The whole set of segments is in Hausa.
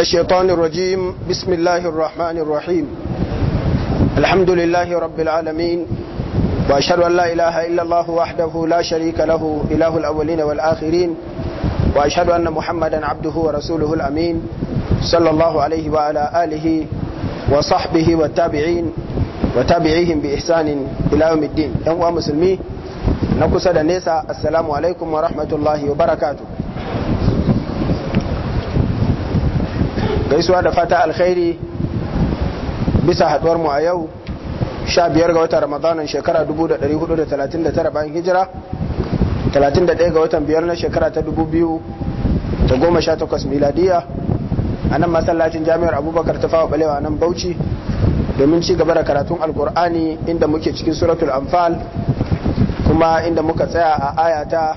الشيطان الرجيم بسم الله الرحمن الرحيم الحمد لله رب العالمين وأشهد أن لا إله إلا الله وحده لا شريك له إله الأولين والآخرين وأشهد أن محمدا عبده ورسوله الأمين صلى الله عليه وعلى آله وصحبه والتابعين وتابعيهم بإحسان إلى يوم الدين يوم مسلمي نقصد النساء السلام عليكم ورحمة الله وبركاته gaisuwa da fata alkhairi bisa haduwar mu a yau 15 ga watan ramadanin shekara 1439 bayan hijira 31 ga watan biyar na shekara ta 2018 miladiya a nan masallacin jami'ar abubakar ta fawa balewa nan bauchi domin ci gaba da karatun alkur'ani inda muke cikin suratul anfal kuma inda muka tsaya a ayata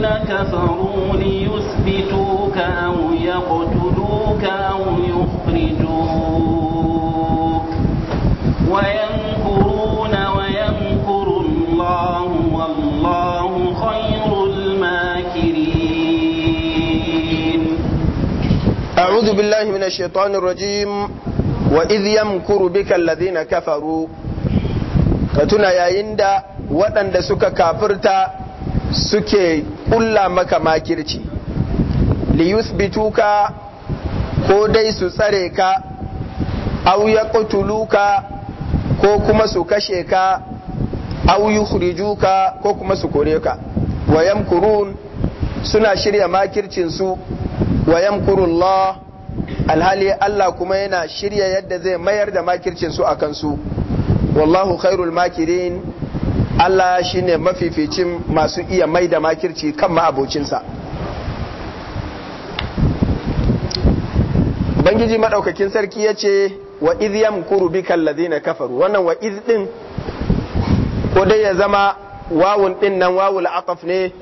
الَّذِينَ كَفَرُوا لِيُثْبِتُوكَ أَوْ يَقْتُلُوكَ أَوْ يُخْرِجُوكَ ۖ وَيَمْكُرُونَ وَيَمْكُرُ اللَّهُ ۖ وَاللَّهُ خَيْرُ الْمَاكِرِينَ أعوذ بالله من الشيطان الرجيم وإذ يمكر بك الذين كفروا ka tuna yayin da waɗanda suka kafirta suke kulla maka makirci li ka ko dai su tsare ka aw ka ko kuma su kashe ka aw ka ko kuma su kore ka wa yamkurun suna shirya makircin su wa yamkurullah alhali Allah kuma yana shirya yadda zai mayar da makircin su akan su wallahu khairul makirin Allah shi shine mafificin masu iya mai da makirci kan ma'abocinsa bangiji maɗaukakin sarki ya ce wa iz yamkuru kallazi na kafaru wannan wa din ko dai ya zama wawun ɗin nan wawul aqaf ne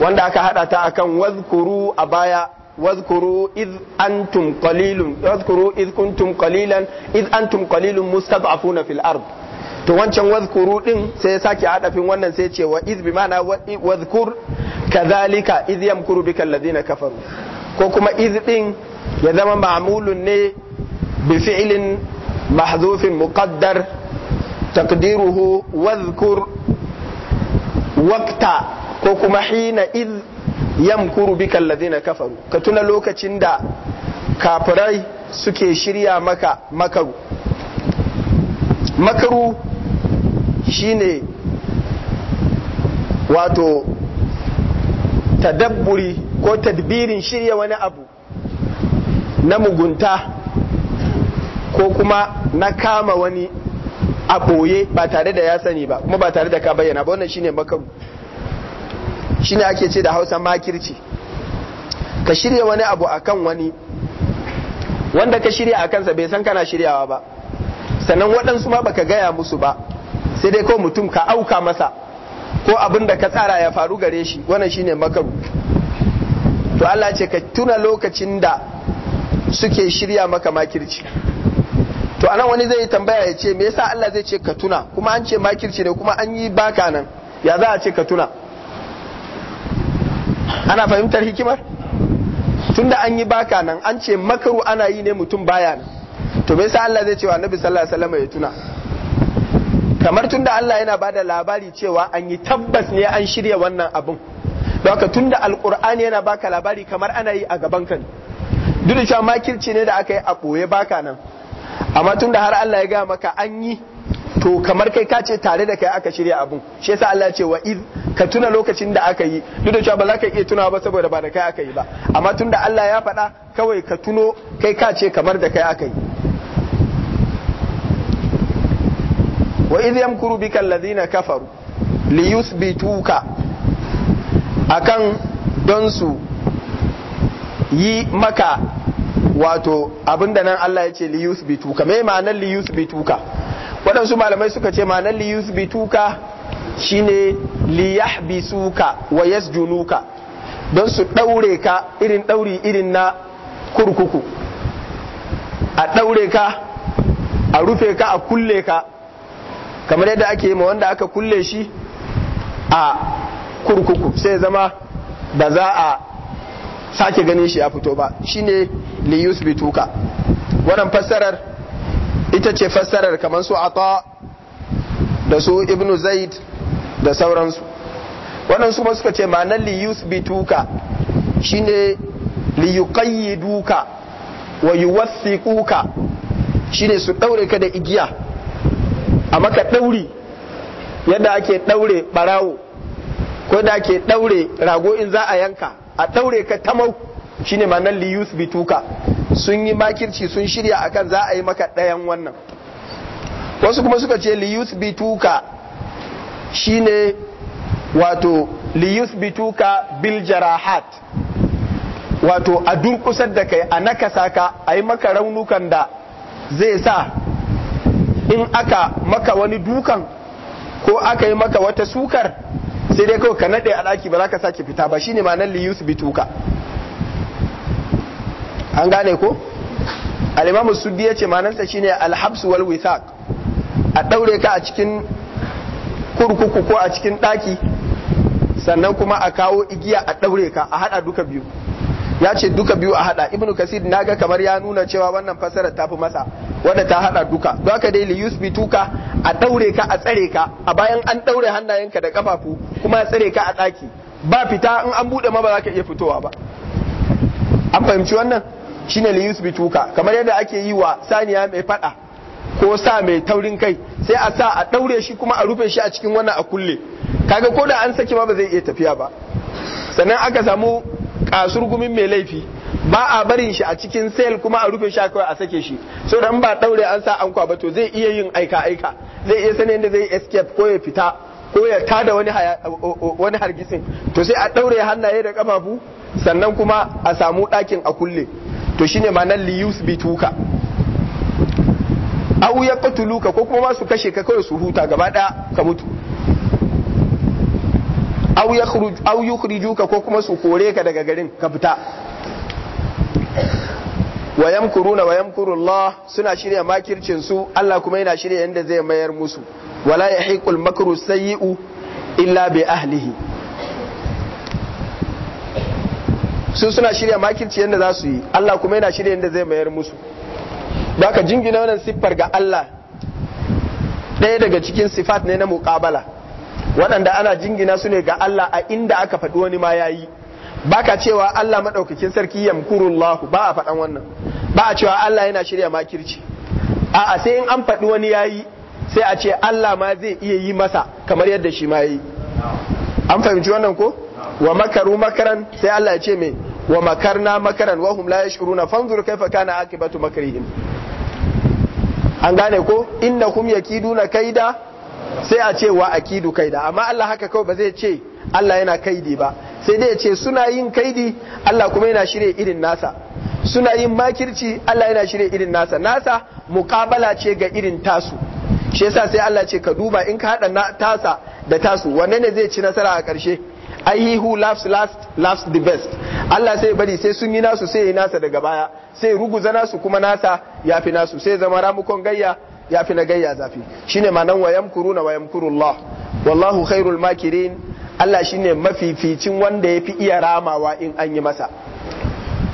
wanda aka haɗa ta akan wazkuru a baya wazkuru iz antum qalilun wazkuru iz kuntum qalilan iz antum qalilun mustad'afuna fil ard to wancan wazkuru din sai ya sake hadafin wannan sai ce wa iz bi mana wazkur kadhalika iz yamkuru bika alladhina kafaru ko kuma iz din ya zama ma'mulun ne bi fi'lin mahdhufin muqaddar taqdiruhu wazkur waqta ko kuma hina iz yamkuru bika alladhina kafaru ka tuna lokacin da kafirai suke shirya maka makaru makaru shine wato tadabburi ko tadbirin shirya wani abu na mugunta ko kuma na kama wani a ɓoye ba tare da ya sani ba kuma ba tare da ka bayyana ba wannan shine makaru shine ake ce da hausa makirci ka shirya wani abu akan wani wanda ka shirya a kansa bai san kana shiryawa ba sannan waɗansu ma baka gaya musu ba sai dai ko mutum ka auka masa ko abin da ka tsara ya faru gare shi wannan shine makaru to Allah ce ka tuna lokacin da suke shirya maka makirci to anan wani zai tambaya ya ce me yasa Allah zai ce ka tuna kuma an ce makirci ne kuma an yi baka nan ya za a ce ka tuna ana fahimtar hikimar tunda an yi baka nan an ce makaru ana yi ne mutum baya nan to me yasa Allah zai ce wa annabi sallallahu alaihi wasallam ya tuna kamar tunda Allah yana ba da labari cewa an yi tabbas ne an shirya wannan abun don haka tunda alqur'ani yana baka labari kamar ana yi a gaban ka duk da cewa makirci ne da aka yi a boye baka nan amma tunda har Allah ya ga maka an yi to kamar kai ka ce tare da kai aka shirya abun shi yasa Allah ya ce wa iz ka tuna lokacin da aka yi duk da cewa ba za ka iya tunawa ba saboda ba da kai aka yi ba amma tunda Allah ya faɗa kawai ka tuno kai ka ce kamar da kai aka yi wa idh yamkuru bika alladhina kafaru li yuthbituka akan don su yi maka wato abinda nan Allah ya ce li yuthbituka me ma'anar li yuthbituka waɗansu malamai suka ce ma'anar li yuthbituka shine li yahbisuka wa yasjunuka don su daure ka irin dauri irin na kurkuku a daure ka a rufe ka a kulle ka kamar yadda ake yi ma wanda aka kulle shi a kurkuku sai zama ba za a sake ganin shi ya fito ba shine Liyus Bituka, wannan fassarar ita ce fassarar kamar su ata da su ibnu zaid da sauransu wannan su suka ce ma'anar bituka shi shine liyukayi duka wa shi ne su ɗaure ka da igiya a maka ɗauri yadda ake ɗaure ɓarawo ko da ake ɗaure rago in za a yanka a ɗaure ka tamau shine manan liyus bituka sun yi makirci sun shirya akan za a yi maka ɗayan wannan wasu kuma suka ce liyus bituka shine wato liyus bituka bil jarahat wato a durkusar da kai a nakasa ka a yi maka raunukan da zai sa in aka maka wani dukan ko aka yi maka wata sukar sai dai kawai ka naɗe a ɗaki ba za ka sake fita ba shine ma nan liyus tuka. an gane ko alimamu imam suddi yace manansa shine al wal a ɗaure ka a cikin kurkuku ko a cikin ɗaki sannan kuma a kawo igiya a ɗaure ka a haɗa duka biyu ya ce duka biyu a hada ibnu kasir ga kamar ya nuna cewa wannan fasarar tafi masa wanda ta hada duka don haka dai liyus tuka a daure ka a tsare ka a bayan an daure hannayenka da kafafu kuma a tsare ka a daki ba fita in an bude ma ba za ka iya fitowa ba an fahimci wannan shine liyus bi tuka. kamar yadda ake yi wa saniya mai fada ko sa mai taurin kai sai a sa a daure shi kuma a rufe shi a cikin wannan a kulle kaga ko da an saki ma ba zai iya tafiya ba sannan aka samu kasur gumin mai laifi ba a barin shi a cikin sel kuma a rufe shi kawai a sake shi so dan ba daure an sa an ba to zai iya yin aika aika zai iya sanin da zai escape ko ya fita ko ya tada wani wani hargitsin to sai a daure hannaye da kafafu sannan kuma a samu ɗakin a kulle to shine ma nan liyus bituka au ya qatuluka ko kuma su kashe ka kawai su huta gaba daya ka mutu au yukhrijuka ko kuma su kore ka daga garin ka fita wa na wayan yamkuru suna shirya makircinsu Allah kuma yana shirya yadda zai mayar musu wala ya yahiqul makru sayyi'u illa bi ahlihi su suna shirya makirci yadda za su yi Allah kuma yana shirya yadda zai mayar musu ka jingina wannan siffar ga Allah ɗaya daga cikin sifat ne na muƙabala waɗanda ana jingina su ne ga Allah a inda aka faɗi wani ma ya ba baka cewa Allah maɗaukakin sarki Lahu, ba a faɗan wannan ba a cewa Allah yana shirya makirci a'a sai in an faɗi wani ya yi sai a ce Allah ma zai iya yi masa kamar yadda shi ma yi an fahimci wannan ko wa makaru makaran sai Allah ya ce me wa makarna makaran wa hum la yashuruna fanzur kaifa kana akibatu makrihim an gane ko innahum kai da. sai a ce wa akidu kaida amma Allah haka kawai ba zai ce Allah yana kaidi ba sai dai ya ce suna yin kaidi Allah kuma yana shirye irin nasa suna yin makirci Allah yana shirye irin nasa nasa muqabala ce ga irin tasu shi yasa sai Allah ce ka duba in ka hada tasa da tasu wanne ne zai ci nasara a karshe ai he who laughs last laughs the best Allah sai bari sai sun yi nasu sai yi nasa daga baya sai ruguza nasu kuma nasa yafi nasu sai zama ramukon gayya ya fi na gayya zafi shine ma'anan wa na wa yamkurullah wallahu khairul makirin Allah shine mafificin wanda ya fi iya ramawa in an yi masa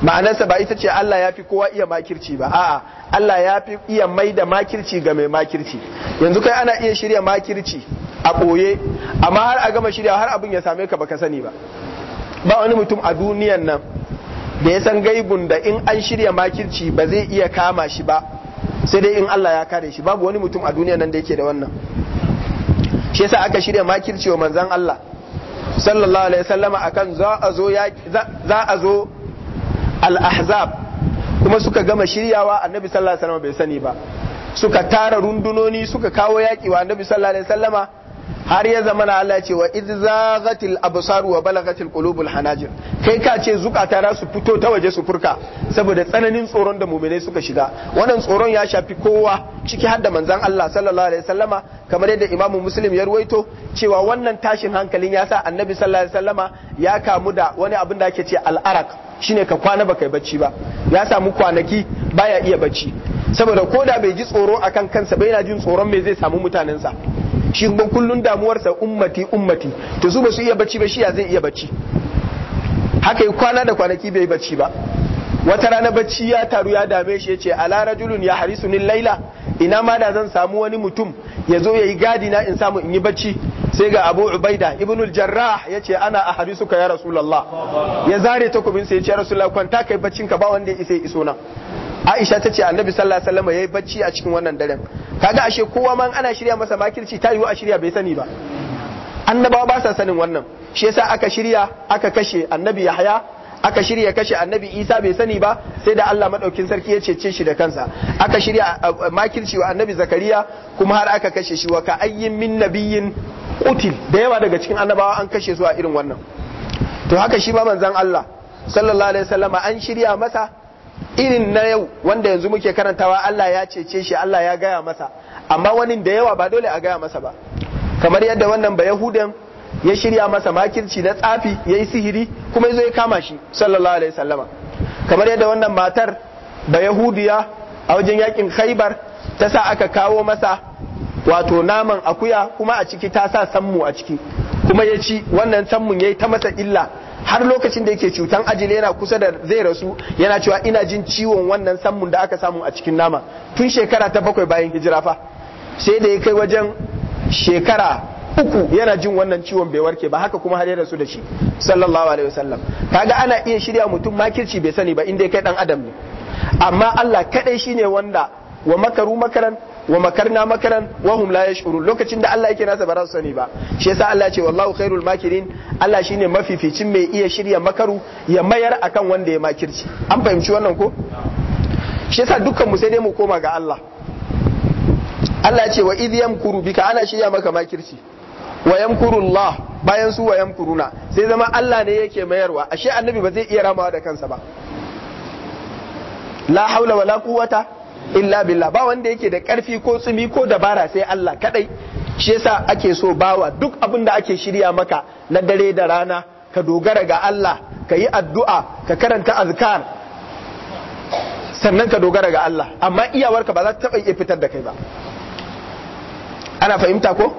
ma'anarsa ba ita ce Allah ya fi kowa iya makirci ba a'a Allah ya fi iya mai da makirci ga mai makirci yanzu kai ana iya shirya makirci a ɓoye amma har a gama shirya har abin ya same ka baka sani ba ba wani mutum a duniyan nan da ya san gaibun da in an shirya makirci ba zai iya kama shi ba sai dai in Allah ya kare shi babu wani mutum a duniya nan da yake da wannan shi yasa aka shirya makirci wa manzon Allah sallallahu alaihi wasallama akan za a zo za a zo al-ahzab kuma suka gama shiryawa annabi sallallahu alaihi wasallama bai sani ba suka tara rundunoni suka kawo yaki wa annabi sallallahu alaihi wasallama har ya zama na Allah ce wa zaghatil absar wa balagatil qulubul hanajir kai ka ce zukata za su fito ta waje su furka saboda tsananin tsoron da mu'minai suka shiga wannan tsoron ya shafi kowa ciki har da manzon Allah sallallahu alaihi wasallama kamar yadda Imam Muslim ya ruwaito cewa wannan tashin hankalin ya sa Annabi sallallahu alaihi wasallama ya kamu da wani abin da ake ce al-araq shine ka kwana baka yi bacci ba ya samu kwanaki baya iya bacci saboda ko da bai ji tsoro akan kansa bai yana jin tsoron me zai samu mutanensa shi kuma kullun damuwarsa ummati ummati to su ba su iya bacci ba shi ya zai iya bacci haka yi kwana da kwanaki bai bacci ba wata rana bacci ya taru ya dame shi ya ce ala rajulun ya harisu ni laila ina ma da zan samu wani mutum ya zo ya yi gadi na in samu in yi bacci sai ga abu ubaida ibn jarrah ya ce ana a harisu ka ya rasulallah ya zare takobin sai ya ce rasulallah kwanta kai baccin ka ba wanda ya isa ya iso nan Aisha ta ce annabi sallallahu alaihi wasallam yayi bacci a cikin wannan daren kaga ashe kowa man ana shirya masa makirci ta yiwu a shirya bai sani ba annabawa ba sa sanin wannan shi yasa aka shirya aka kashe annabi Yahya aka shirya kashe annabi Isa bai sani ba sai da Allah madaukin sarki ya cece shi da kansa aka shirya makirci wa annabi Zakariya kuma har aka kashe shi wa ka ayyin min nabiyyin qutil da yawa daga cikin annabawa an kashe su a irin wannan to haka shi ba manzon Allah sallallahu alaihi wasallam an shirya masa irin na yau wanda yanzu muke karantawa Allah ya cece shi Allah ya gaya masa amma wani da yawa ba dole a gaya masa ba kamar yadda wannan ba yahudan ya shirya masa makirci na tsafi ya yi sihiri kuma ya kama shi sallallahu alaihi sallama kamar yadda wannan matar ba yahudiya a wajen yakin khaibar ta sa aka kawo masa wato naman akuya kuma a ciki ta sa sammu a ciki kuma ya ci wannan sammun ya yi ta masa illa har lokacin da yake cutan ajili yana kusa da zai rasu yana cewa ina jin ciwon wannan samun da aka samu a cikin nama tun shekara ta bakwai bayan hijira fa sai da ya kai wajen shekara uku yana jin wannan ciwon bai warke ba haka kuma har ya su da shi sallallahu alaihi wasallam kaga ana iya shirya mutum makirci bai sani ba inda kai dan adam ne amma Allah kadai shine wanda wa makaru makaran wa makarna makaran wa hum la yash'urun lokacin da Allah yake nasa ba za su sani ba shi yasa Allah ya ce wallahu khairul makirin Allah shine mafificin mai iya shirya makaru ya mayar akan wanda ya makirci an fahimci wannan ko shi yasa dukkan mu sai dai mu koma ga Allah Allah ya ce wa idh yamkuru bika ana shirya maka makirci wa Allah bayan su wa yamkuruna sai zama Allah ne yake mayarwa ashe annabi ba zai iya ramawa da kansa ba la haula wala quwwata illa billah ba wanda yake da karfi ko tsumi ko dabara sai Allah kadai shi yasa ake so bawa duk abin da ake shirya maka na dare da rana ka dogara ga Allah ka yi addu'a ka karanta azkar sannan ka dogara ga Allah amma iyawarka ba za ta taba iya fitar da kai ba ana fahimta ko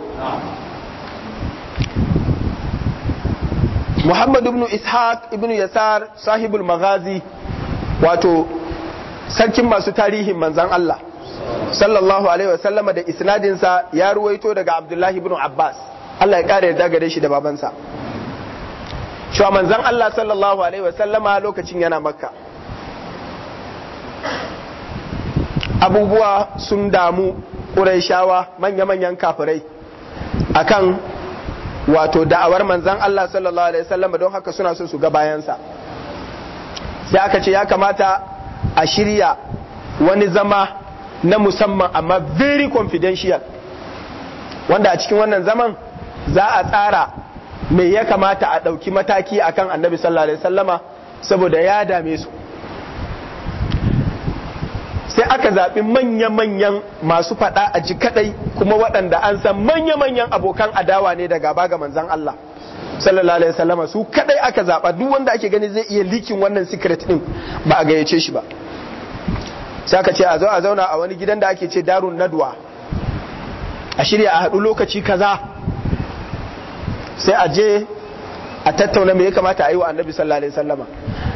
Muhammad ibn Ishaq ibn Yasar sahibul Maghazi wato sarkin masu tarihin manzan Allah sallallahu alaihi wasallama da isnadinsa ya ruwaito daga Abdullahi ibn Abbas Allah ya kare yarda gare shi da babansa cewa manzan Allah sallallahu alaihi wasallama lokacin yana makka abubuwa sun damu ƙuraishawa manya-manyan kafirai akan wato da'awar manzan Allah sallallahu alaihi wasallama don haka suna so su ga bayansa sai aka ce ya kamata a shirya wani zama na musamman amma very confidential wanda a cikin wannan zaman za a tsara me ya kamata a ɗauki mataki akan annabi sallallahu alaihi sallama saboda ya dame su sai aka zaɓi manya-manyan masu faɗa a ji kaɗai kuma waɗanda an san manya-manyan abokan adawa ne daga gaba ga manzan Allah sallallahu alaihi wasallama su kadai aka zaba duk wanda ake gani zai iya likin wannan secret din ba a gayyace shi ba sai aka ce a zo a zauna a wani gidan da ake ce darun nadwa a shirya a haɗu lokaci kaza sai a je a tattauna me ya kamata a yi wa annabi sallallahu alaihi wasallama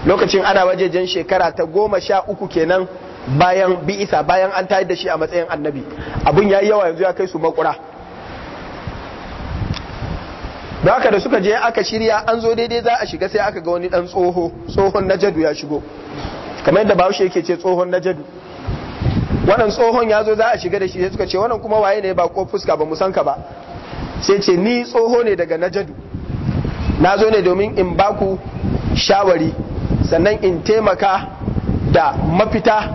lokacin ana wajejen shekara ta goma sha uku kenan bayan bi'isa bayan an tayar da shi a matsayin annabi abun ya yi yawa yanzu ya kai su makura da haka da suka je aka shirya an zo daidai za a shiga sai aka ga wani dan tsoho tsohon jadu ya shigo kamar yadda bahaushe yake ce tsohon na jadu wannan tsohon ya zo za a shiga da shi sai suka ce wannan kuma waye ne ba ko fuska ba mu san ka ba sai ce ni tsoho ne daga na jadu na zo ne domin in ba ku shawari sannan in taimaka da mafita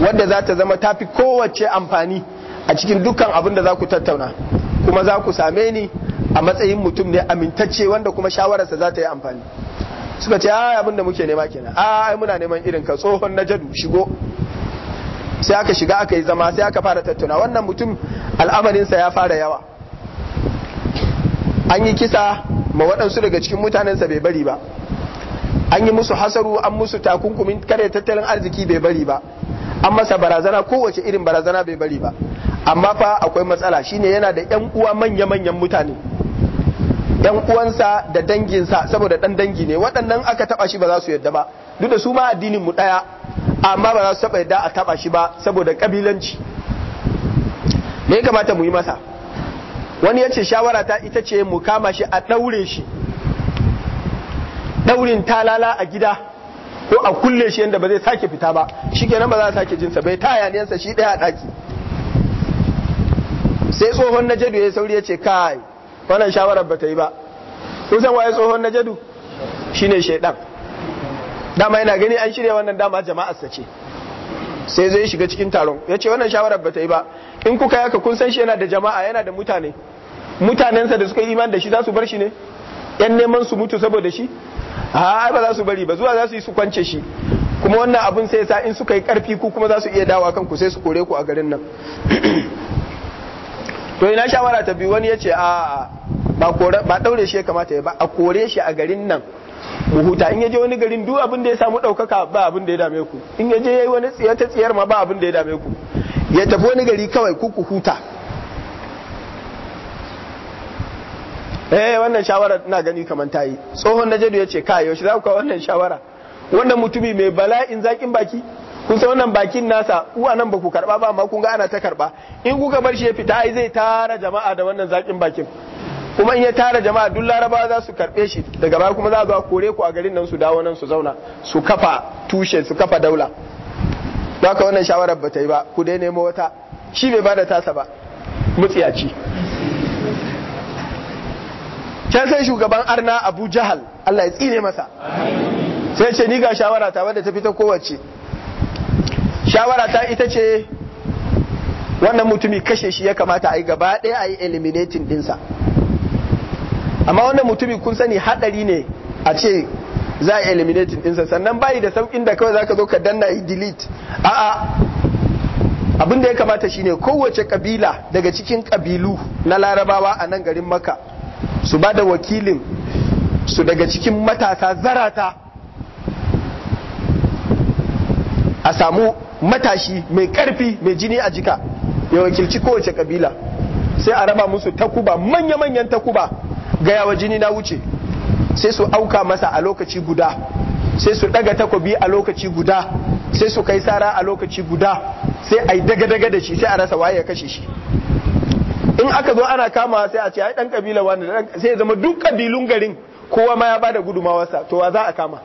wadda za ta zama tafi kowace amfani a cikin dukkan abin da za ku tattauna kuma za ku same ni a matsayin mutum ne amintacce wanda kuma shawararsa za ta yi amfani suka ce a, abin da muke nema kenan ai muna neman irin ka tsohon na jadu shigo sai aka shiga aka yi zama sai aka fara tattuna wannan mutum al'amarinsa ya fara yawa an yi kisa ma waɗansu daga cikin mutanensa bai bari ba an yi musu hasaru an musu takunkumin kare tattalin arziki bai bari ba an masa barazana kowace irin barazana bai bari ba amma fa akwai matsala shine yana da yan uwa manya-manyan mutane yan uwansa da danginsa saboda dan dangi ne waɗannan aka taba shi ba za su yarda ba duk da su ma addinin mu ɗaya amma ba za su taba yadda a taba shi ba saboda kabilanci me ya kamata mu yi masa wani ya ce shawara ta ita ce mu kama shi a ɗaure shi ɗaurin talala a gida ko a kulle shi yadda ba zai sake fita ba shi kenan ba za a sake jinsa bai ta yansa shi ɗaya a ɗaki sai tsohon na jadu ya sauri ya ce kai wannan shawarar ba ta yi ba kun san waye tsohon na jadu shine shaidan dama yana gani an shirya wannan dama jama'ar sa ce sai zai shiga cikin taron ya ce wannan shawarar ba ta yi ba in kuka yaka kun san shi yana da jama'a yana da mutane mutanensa da suka yi iman da shi za su bar shi ne yan neman su mutu saboda shi a ba za su bari ba zuwa za su yi su kwance shi kuma wannan abun sai sa in suka yi karfi ku kuma za su iya dawa ku sai su kore ku a garin nan to ina shawara ta biyu wani ya ce a ba daure shi ya kamata ya ba a kore shi a garin nan mu huta in yaje wani garin duk abin da ya samu daukaka ba abin da ya dame ku in yaje yayi wani tsiya ta tsiyar ma ba abin da ya dame ku ya tafi wani gari kawai kuku ku huta eh wannan shawara ina gani kamar ta yi tsohon najadu ya ce ka yaushe za ku kawo wannan shawara wannan mutumi mai bala'in zakin baki kun san wannan bakin nasa ku anan ba ku karba ba amma kun ga ana ta karba in kuka bar shi ya fita ai zai tara jama'a da wannan zakin bakin kuma in ya tara jama'a duk laraba za su karbe shi daga baya kuma za a zo kore ku a garin nan su dawo nan su zauna su kafa tushe su kafa daula baka wannan shawarar ba ta yi ba ku dai nemo wata shi bai bada tasa ba mutsiyaci can sai shugaban arna abu jahal allah ya tsine masa sai ce ni ga shawara ta wadda ta fita kowace shawara ta ita ce wannan mutumi kashe shi ya kamata a yi gaba ɗaya a yi eliminating ɗinsa amma wannan mutumi kun sani haɗari ne a ce za a eliminating ɗinsa sannan bayi da sauƙin da kawai za ka zo ka danna yi delete a'a abin da ya kamata shine kowace kabila daga cikin kabilu na larabawa a nan garin maka su ba da wakilin su daga cikin matasa zarata a samu matashi mai karfi mai jini a jika ya wakilci kowace kabila sai a raba musu takuba manya-manyan takuba ga yawa jini na wuce sai su auka masa a lokaci guda sai su daga takobi a lokaci guda sai su kai sara a lokaci guda sai a yi daga-daga da shi sai a rasa waye ya kashe shi in aka zo ana kama sai a ce ai dan kabila wani sai ya zama duk kabilun garin kowa ma ya bada gudumawarsa to wa za a kama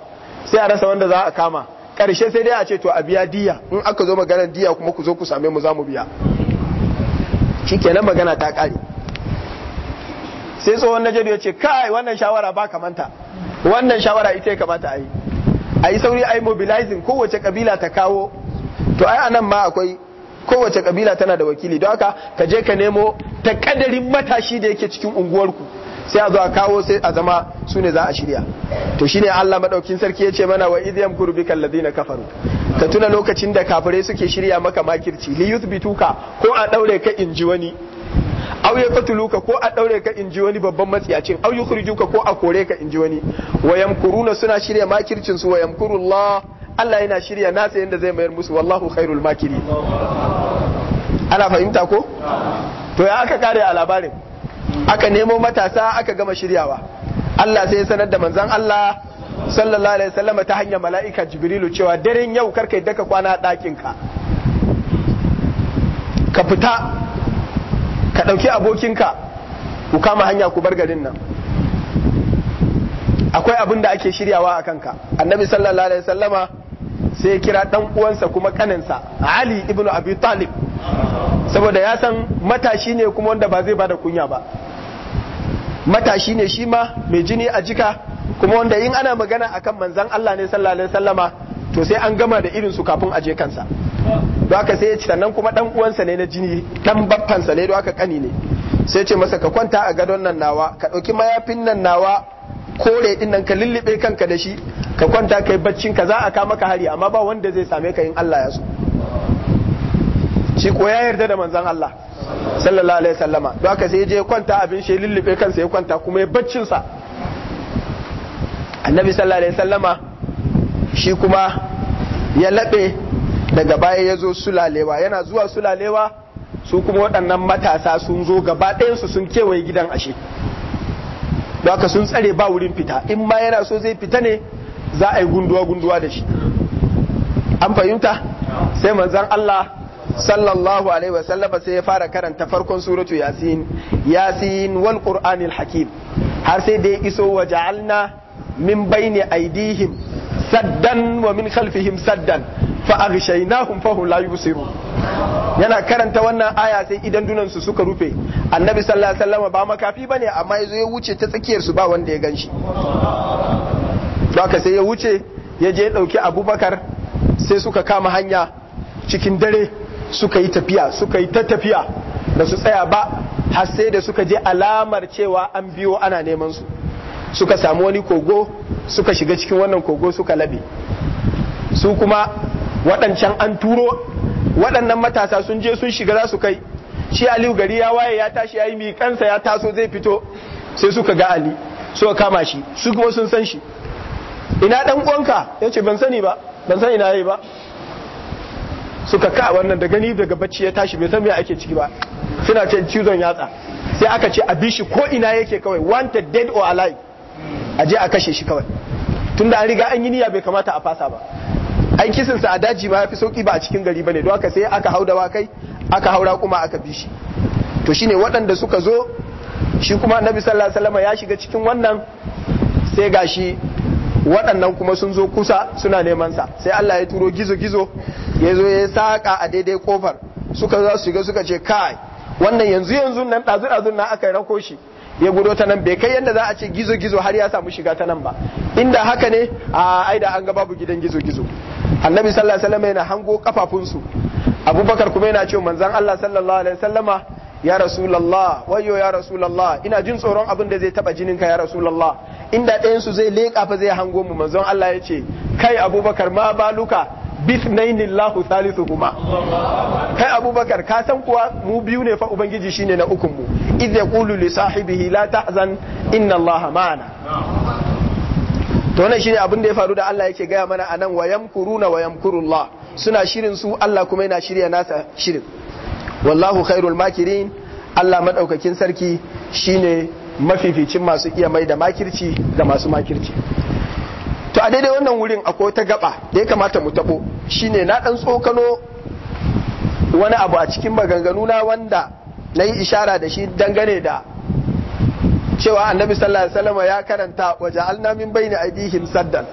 sai a rasa wanda za a kama karshe sai dai a ce to a biya diya in aka zo maganar diya kuma ku zo ku same mu za mu biya kenan magana ta kare sai tsohon na ya ce kai wannan shawara ba kamanta wannan shawara ita ya kamata a yi a yi sauri a yi mobilizing kowace kabila ta kawo to ai anan ma akwai kowace kabila tana da wakili don haka ka je ka nemo ta kadarin matashi da yake cikin unguwarku sai a zo a kawo sai a zama su ne za a shirya to shine Allah madaukin sarki ya ce mana wa idiyam yamkuru bikal kafaru ka tuna lokacin da kafirai suke shirya maka makirci li yuthbituka ko a daure ka inji wani aw ya qatuluka ko a daure ka inji wani babban matsiyacin aw yukhrijuka ko a kore ka inji wani wa suna shirya makircin su wa Allah yana shirya nasa yanda zai mayar musu wallahu khairul makiri ana fahimta ko to ya aka kare a labarin aka nemo matasa aka gama shiryawa Allah sai ya sanar da manzon Allah sallallahu alaihi wasallam ta hanyar mala'ika jibrilu cewa daren yau karkai daka daka kwana a ɗakin ka ka fita ka ɗauki abokinka ku kama hanya ku bar garin nan akwai abin da ake shiryawa a kanka annabi sallallahu alaihi wasallama sai ya kira ɗan uwansa kuma kaninsa ali ibnu abi talib saboda ya san matashi ne kuma wanda ba zai bada kunya ba matashi ne shi ma mai jini a jika kuma wanda in ana magana akan manzan Allah ne sallallahu alaihi wasallama to sai an gama da irin su kafin a je kansa don haka sai ya ci sannan kuma ɗan uwansa ne na jini dan baffansa ne don haka kani ne sai ce masa ka kwanta a gadon nan nawa ka ɗauki mayafin nan nawa kore din nan ka lullube kanka da shi ka kwanta kai baccin ka za a ka maka hari amma ba wanda zai same ka in Allah ya so shi ya yarda da manzan Allah sallallahu alaihi sallama don haka sai je kwanta abin shi lullube kansa ya kwanta kuma ya baccin sa annabi sallallahu alaihi sallama shi kuma ya laɓe daga baya ya zo sulalewa yana zuwa sulalewa su kuma waɗannan matasa sun zo gaba ɗayansu sun kewaye gidan ashe don haka sun tsare ba wurin fita in ma yana so zai fita ne za a yi gunduwa-gunduwa da shi an fahimta sai manzan Allah sallallahu alaihi wa wasallam sai ya fara karanta farkon suratu yasin yasin wal qur'anil hakim har sai da ya iso wa ja'alna min baini aidihim saddan wa min khalfihim saddan fa aghshaynahum fa hum la yana karanta wannan aya sai idan dunan su suka rufe annabi sallallahu alaihi wasallam ba makafi bane amma yazo ya wuce ta tsakiyar su ba wanda ya ganshi haka sai ya wuce ya je dauki abubakar sai suka kama hanya cikin dare suka yi tafiya suka yi ta tafiya da su tsaya ba har sai da suka je alamar cewa an biyo ana neman su suka samu wani kogo suka shiga cikin wannan kogo suka labe su kuma waɗancan an turo waɗannan matasa sun je sun shiga za su kai shi aliyu gari ya waye ya tashi ya yi miƙansa ya taso zai fito sai suka ga ali suka kama shi su kuma sun san shi ina ɗan uwanka ya ce ban sani ba ban sani na yi ba suka ka wannan da gani daga bacci ya tashi bai san me ake ciki ba suna ce cizon yatsa sai aka ce a bi shi ko ina yake kawai wanted dead or alive a je a kashe shi kawai tunda an riga an yi niyya bai kamata a fasa ba ai kisin sa a daji ma yafi sauki ba a cikin gari bane don haka sai aka hau da kai aka haura kuma aka bi to shine waɗanda suka zo shi kuma annabi sallallahu alaihi wasallam ya shiga cikin wannan sai gashi waɗannan kuma sun zo kusa suna neman sa sai Allah ya turo gizo gizo ya zo ya saƙa a daidai kofar suka za su shiga suka ce kai wannan yanzu yanzu nan ɗazu ɗazu na aka rako shi ya gudo ta nan bai kai yadda za a ce gizo gizo har ya samu shiga ta nan ba inda haka ne a aida an ga babu gidan gizo gizo annabi sallallahu alaihi wasallam yana hango kafafunsu abubakar kuma yana cewa manzon Allah sallallahu alaihi wasallama ya rasulullah wayo ya rasulullah ina jin tsoron abin da zai taba jininka ya rasulullah inda ɗayan su zai leƙa fa zai hango mu manzon Allah ya ce kai abubakar ma baluka bisnaini salisu kuma kai Abubakar ka san kuwa mu biyu ne fa ubangiji shine na ukun mu idh yaqulu li sahibihi la tahzan inna Allaha ma'ana to wannan shine abin da ya faru da Allah yake gaya mana anan wa na wa yamkurullah suna shirin su Allah kuma yana shirya nasa shirin wallahu khairul makirin Allah madaukakin sarki shine mafificin masu iya mai da makirci da masu makirci to a daidai wannan wurin akwai ta gaba da ya kamata mu tabo shine na dan tsokano wani abu a cikin maganganu na wanda na yi ishara da shi dangane da cewa annabi sallallahu alaihi wasallam ya karanta wa ja'alna min baini aidihim saddan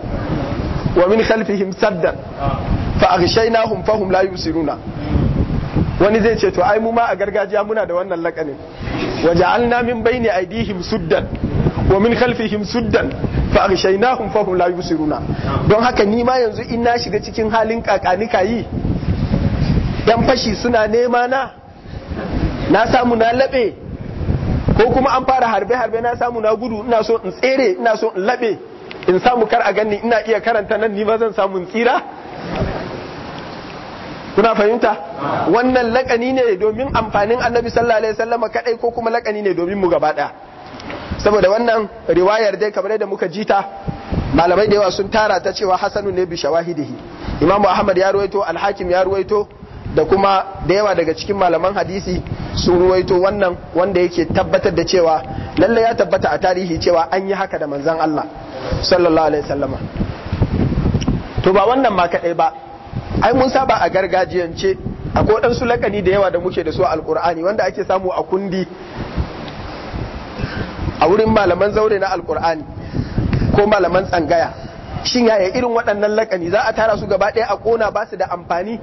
wa min khalfihim saddan fa aghshaynahum fahum la yusiruna wani zai ce to ai mu ma a gargajiya muna da wannan lakanin waja'alna min baini aidihim suddan wa min khalfihim suddan fa aghshaynahum fa hum la yusiruna don haka ni ma yanzu in na shiga cikin halin kakani yi yan fashi suna nema na na samu na labe ko kuma an fara harbe harbe na samu na gudu ina so in tsere ina so in labe in samu kar a ganni ina iya karanta nan ni ma zan samu in tsira kuna fahimta wannan lakani ne domin amfanin annabi sallallahu alaihi wasallam kadai ko kuma lakani ne domin mu gaba daya saboda wannan riwayar dai kamar da muka jita malamai da yawa sun tara ta cewa hasanu ne bi shawahidihi imamu ahmad ya ruwaito alhakim ya ruwaito da kuma da yawa daga cikin malaman hadisi sun ruwaito wannan wanda yake tabbatar da cewa lalle ya tabbata a tarihi cewa an yi haka da manzon Allah sallallahu alaihi wasallam to ba wannan ma kadai ba ai mun saba a gargajiyance akwai su lakani da yawa da muke da su a wanda ake samu a kundi a wurin malaman zaure na alkur'ani ko malaman tsangaya shin yaya irin waɗannan lakani za a tara su gaba ɗaya a kona ba su da amfani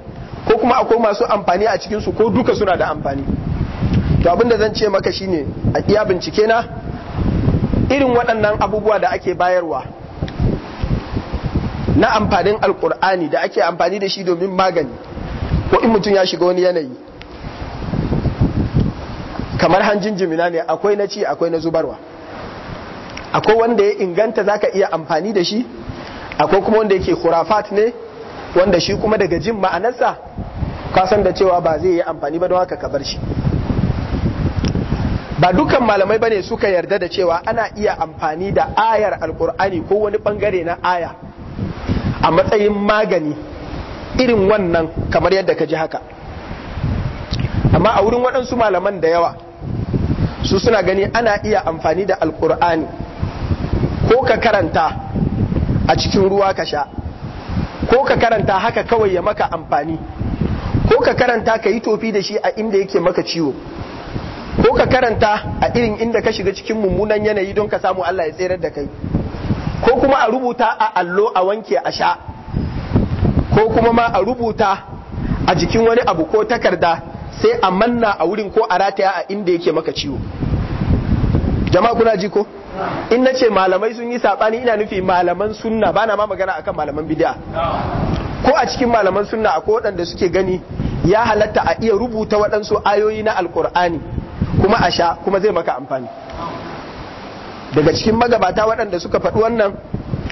ko kuma akwai masu amfani a cikin su ko duka suna da amfani to abin da zan ce maka shine a iya bincike na irin waɗannan abubuwa da ake bayarwa na amfanin alkur'ani da ake amfani da shi domin magani ko in mutum ya shiga wani yanayi kamar hanjin jimina ne akwai na ci akwai na zubarwa akwai wanda ya inganta zaka iya amfani da shi akwai kuma wanda yake khurafat ne wanda shi kuma daga jin ma'anarsa ka san da cewa ba zai yi amfani ba don haka ka bar shi ba dukkan malamai bane suka yarda da cewa ana iya amfani da ayar alkur'ani ko wani bangare na aya a matsayin magani irin wannan kamar yadda ka ji haka amma a wurin waɗansu malaman da yawa su suna gani ana iya amfani da alkur'ani ko ka karanta a cikin ruwa ka sha ko ka karanta haka kawai ya maka amfani ko ka karanta ka yi tofi da shi a inda yake maka ciwo ko ka karanta a irin inda ka shiga cikin mummunan yanayi don ka samu Allah ya tserar da kai ko kuma a rubuta a allo a wanke a sha ko kuma ma a rubuta a jikin wani abu ko takarda sai a manna a wurin ko a rataya a inda yake maka ciwo jama'a kuna ji ko in na ce malamai sun yi sabani ina nufi malaman sunna ba na ma magana akan malaman bid'a ko a cikin malaman sunna akwai waɗanda suke gani ya halatta a iya rubuta waɗansu ayoyi na alkur'ani kuma a sha kuma zai maka amfani daga cikin magabata waɗanda suka faɗi wannan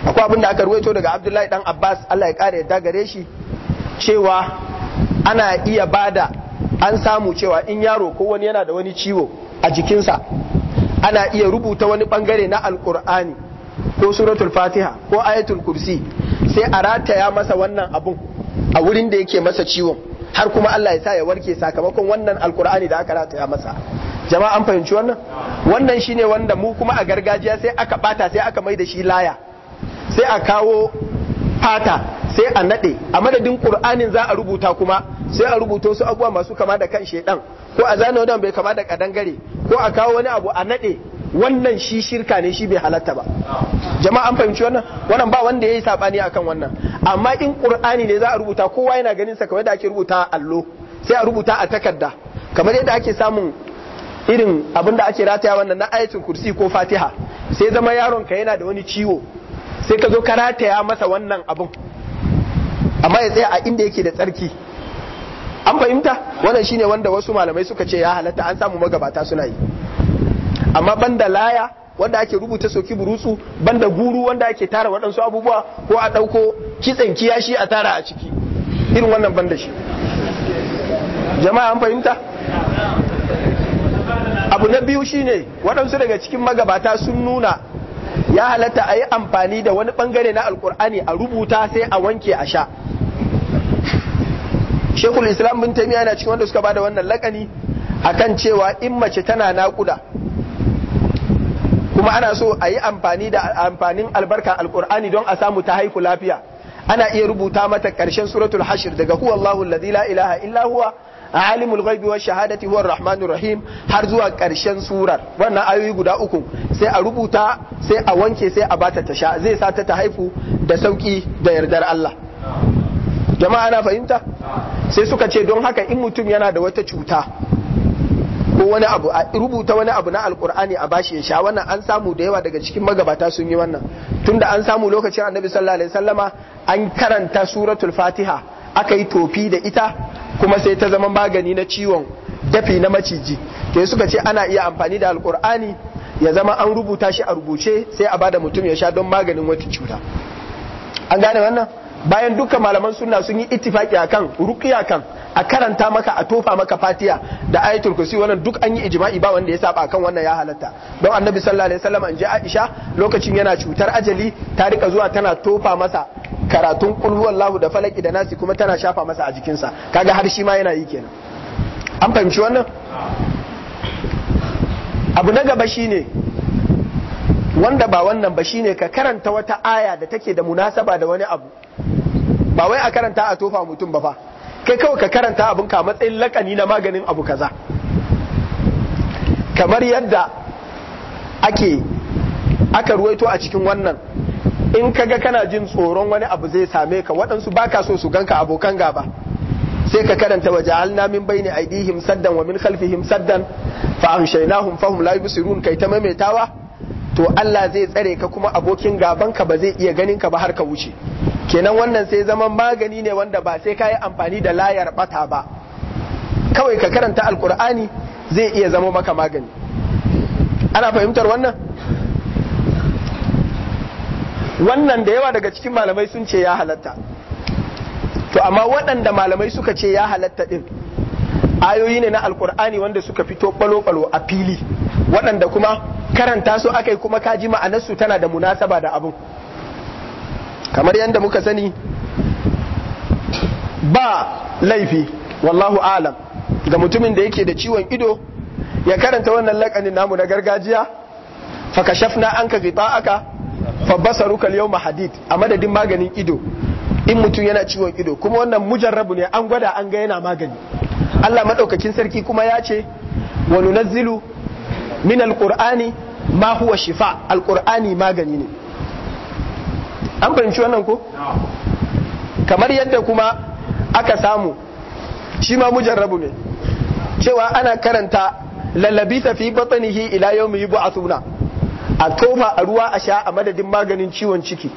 akwai abin da aka ruwaito daga abdullahi dan abbas allah ya ƙara yadda gare shi cewa ana iya bada an samu cewa in yaro ko wani yana da wani ciwo a jikinsa ana iya rubuta wani bangare na alkur'ani ko suratul fatiha ko ayatul kursi sai a rataya masa wannan abun a wurin da yake masa ciwon har kuma allah ya sa ya warke sakamakon wannan alkur'ani da aka rataya masa jama'a an fahimci wannan wannan shine wanda mu kuma a gargajiya sai aka bata sai aka mai da shi laya sai a kawo fata sai a nade a madadin qur'anin za a rubuta kuma sai a rubuto su abubuwa masu kama da kan shedan ko a zana wani bai kama da kadangare ko a kawo wani abu a nade wannan shi shirka ne shi bai halatta ba jama'a an fahimci wannan wannan ba wanda yayi sabani akan wannan amma in qur'ani ne za a rubuta kowa yana ganin sa kamar da ake rubuta allo sai a rubuta a takarda kamar yadda ake samun irin abin da ake rataya wannan na ayatul kursi ko fatiha sai zama yaron ka yana da wani ciwo sai ka zo ka rataya masa wannan abin amma ya tsaya a inda yake da tsarki an fahimta wannan shine wanda wasu malamai suka ce ya halatta an samu magabata suna yi amma banda laya wanda ake rubuta soki burutsu banda guru wanda ake tara waɗansu abubuwa ko a ɗauko kitsen kiyashi a tara a ciki irin wannan banda shi jama'a an fahimta abu na biyu shine waɗansu daga cikin magabata sun nuna ya halatta a yi amfani da wani ɓangare na Alƙur'ani a rubuta sai a wanke a sha shekul islam bin taimiyya yana cikin wanda suka bada wannan lakani akan cewa in mace tana naƙuda kuma ana so a yi amfani da amfanin albarkar Alƙur'ani don a samu ta haiku lafiya ana iya rubuta mata ƙarshen suratul hashir daga huwa allahu la ilaha illa huwa alimul ghaibi wa shahadati huwa rahmanur rahim har zuwa ƙarshen surar wannan ayoyi guda uku sai a rubuta sai a wanke sai a bata ta sha zai sa ta ta haifu da sauki da yardar Allah jama'a ana fahimta sai suka ce don haka in mutum yana da wata cuta ko wani abu a rubuta wani abu na alkur'ani a bashi ya sha wannan an samu da yawa daga cikin magabata sun yi wannan tunda an samu lokacin annabi sallallahu alaihi wasallama an karanta suratul fatiha aka yi tofi da ita kuma sai ta zama magani na ciwon dafi na maciji to suka ce ana iya amfani da alkur'ani ya zama an rubuta shi a rubuce sai a bada mutum ya sha don maganin wata cuta an gane wannan bayan dukkan malaman sunna sun yi ittifaki akan ruqiya kan a karanta maka a tofa maka fatiya da ayatul kursi wannan duk an yi ijma'i ba wanda ya saba akan wannan ya halatta don annabi sallallahu alaihi wasallam an ji Aisha lokacin yana cutar ajali ta rika zuwa tana tofa masa karatun kulhuwan lahu da falaki da nasi kuma tana shafa masa a jikinsa kaga har shi ma yana yi kenan an fahimci wannan abu na gaba shine wanda ba wannan ba shine ka karanta wata aya da take da munasaba da wani abu ba wai a karanta a tofa mutum ba fa kai kawai ka karanta abin ka matsayin lakani na maganin abu kaza kamar yadda ake aka ruwaito a cikin wannan in kaga kana jin tsoron wani abu zai same ka waɗansu ba ka so su ganka abokan gaba sai ka karanta waje alna min bayni aidihim saddan wa min khalfihim saddan fa amshaynahum fahum la yubsirun kai ta maimaitawa to Allah zai tsare ka kuma abokin gaban ka ba zai iya ganin ka ba har ka wuce kenan wannan sai zaman magani ne wanda ba sai ka yi amfani da layar bata ba kawai ka karanta alkur'ani zai iya zama maka magani ana fahimtar wannan wannan da yawa daga cikin malamai sun ce ya halatta to amma waɗanda malamai suka ce ya halatta ɗin ayoyi ne na alkur'ani wanda suka fito ɓalo ɓalo a fili waɗanda kuma karanta su aka yi kuma kaji ma'anarsu tana da munasaba da abin kamar yadda muka sani ba laifi wallahu alam ga mutumin da yake da ciwon ido ya karanta wannan laƙanin namu na gargajiya fa fakashafna an ka aka Fabbasarukal yau yawma hadid a madadin maganin ido in mutum yana ciwon ido kuma wannan mujarrabu ne an gwada an ga yana magani Allah madaukakin sarki kuma ya ce wa nunazzilu min alqur'ani ma huwa shifa alqur'ani magani ne an fahimci wannan ko kamar yadda kuma aka samu shi ma mujarrabu ne cewa ana karanta lalabita fi batnihi ila yawmi yub'athuna a toma a ruwa a sha a madadin maganin ciwon ciki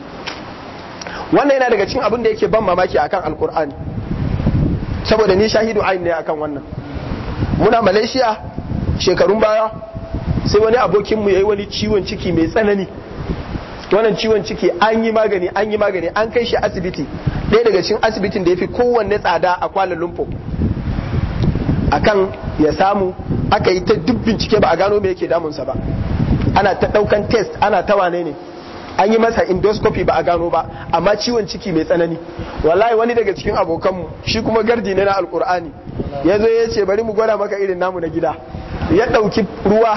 wannan yana daga cin abin da yake ban mamaki akan alkur'ani saboda ni shahidu ayin ne akan wannan muna malaysia shekarun baya sai wani abokinmu ya yi wani ciwon ciki mai tsanani wannan ciwon ciki an yi magani an yi magani an kai shi asibiti ɗaya daga cikin asibitin da ya fi kowanne tsada a kwallon Lumpur akan ya samu aka yi ta dubbin cike ba a gano me yake damunsa ba ana ta daukan test ana ta wane ne an yi masa endoscopy ba a gano ba amma ciwon ciki mai tsanani wallahi wani daga cikin abokanmu shi kuma gardi ne na alkur'ani ya zo ya ce bari mu gwada maka irin namu na gida ya ɗauki ruwa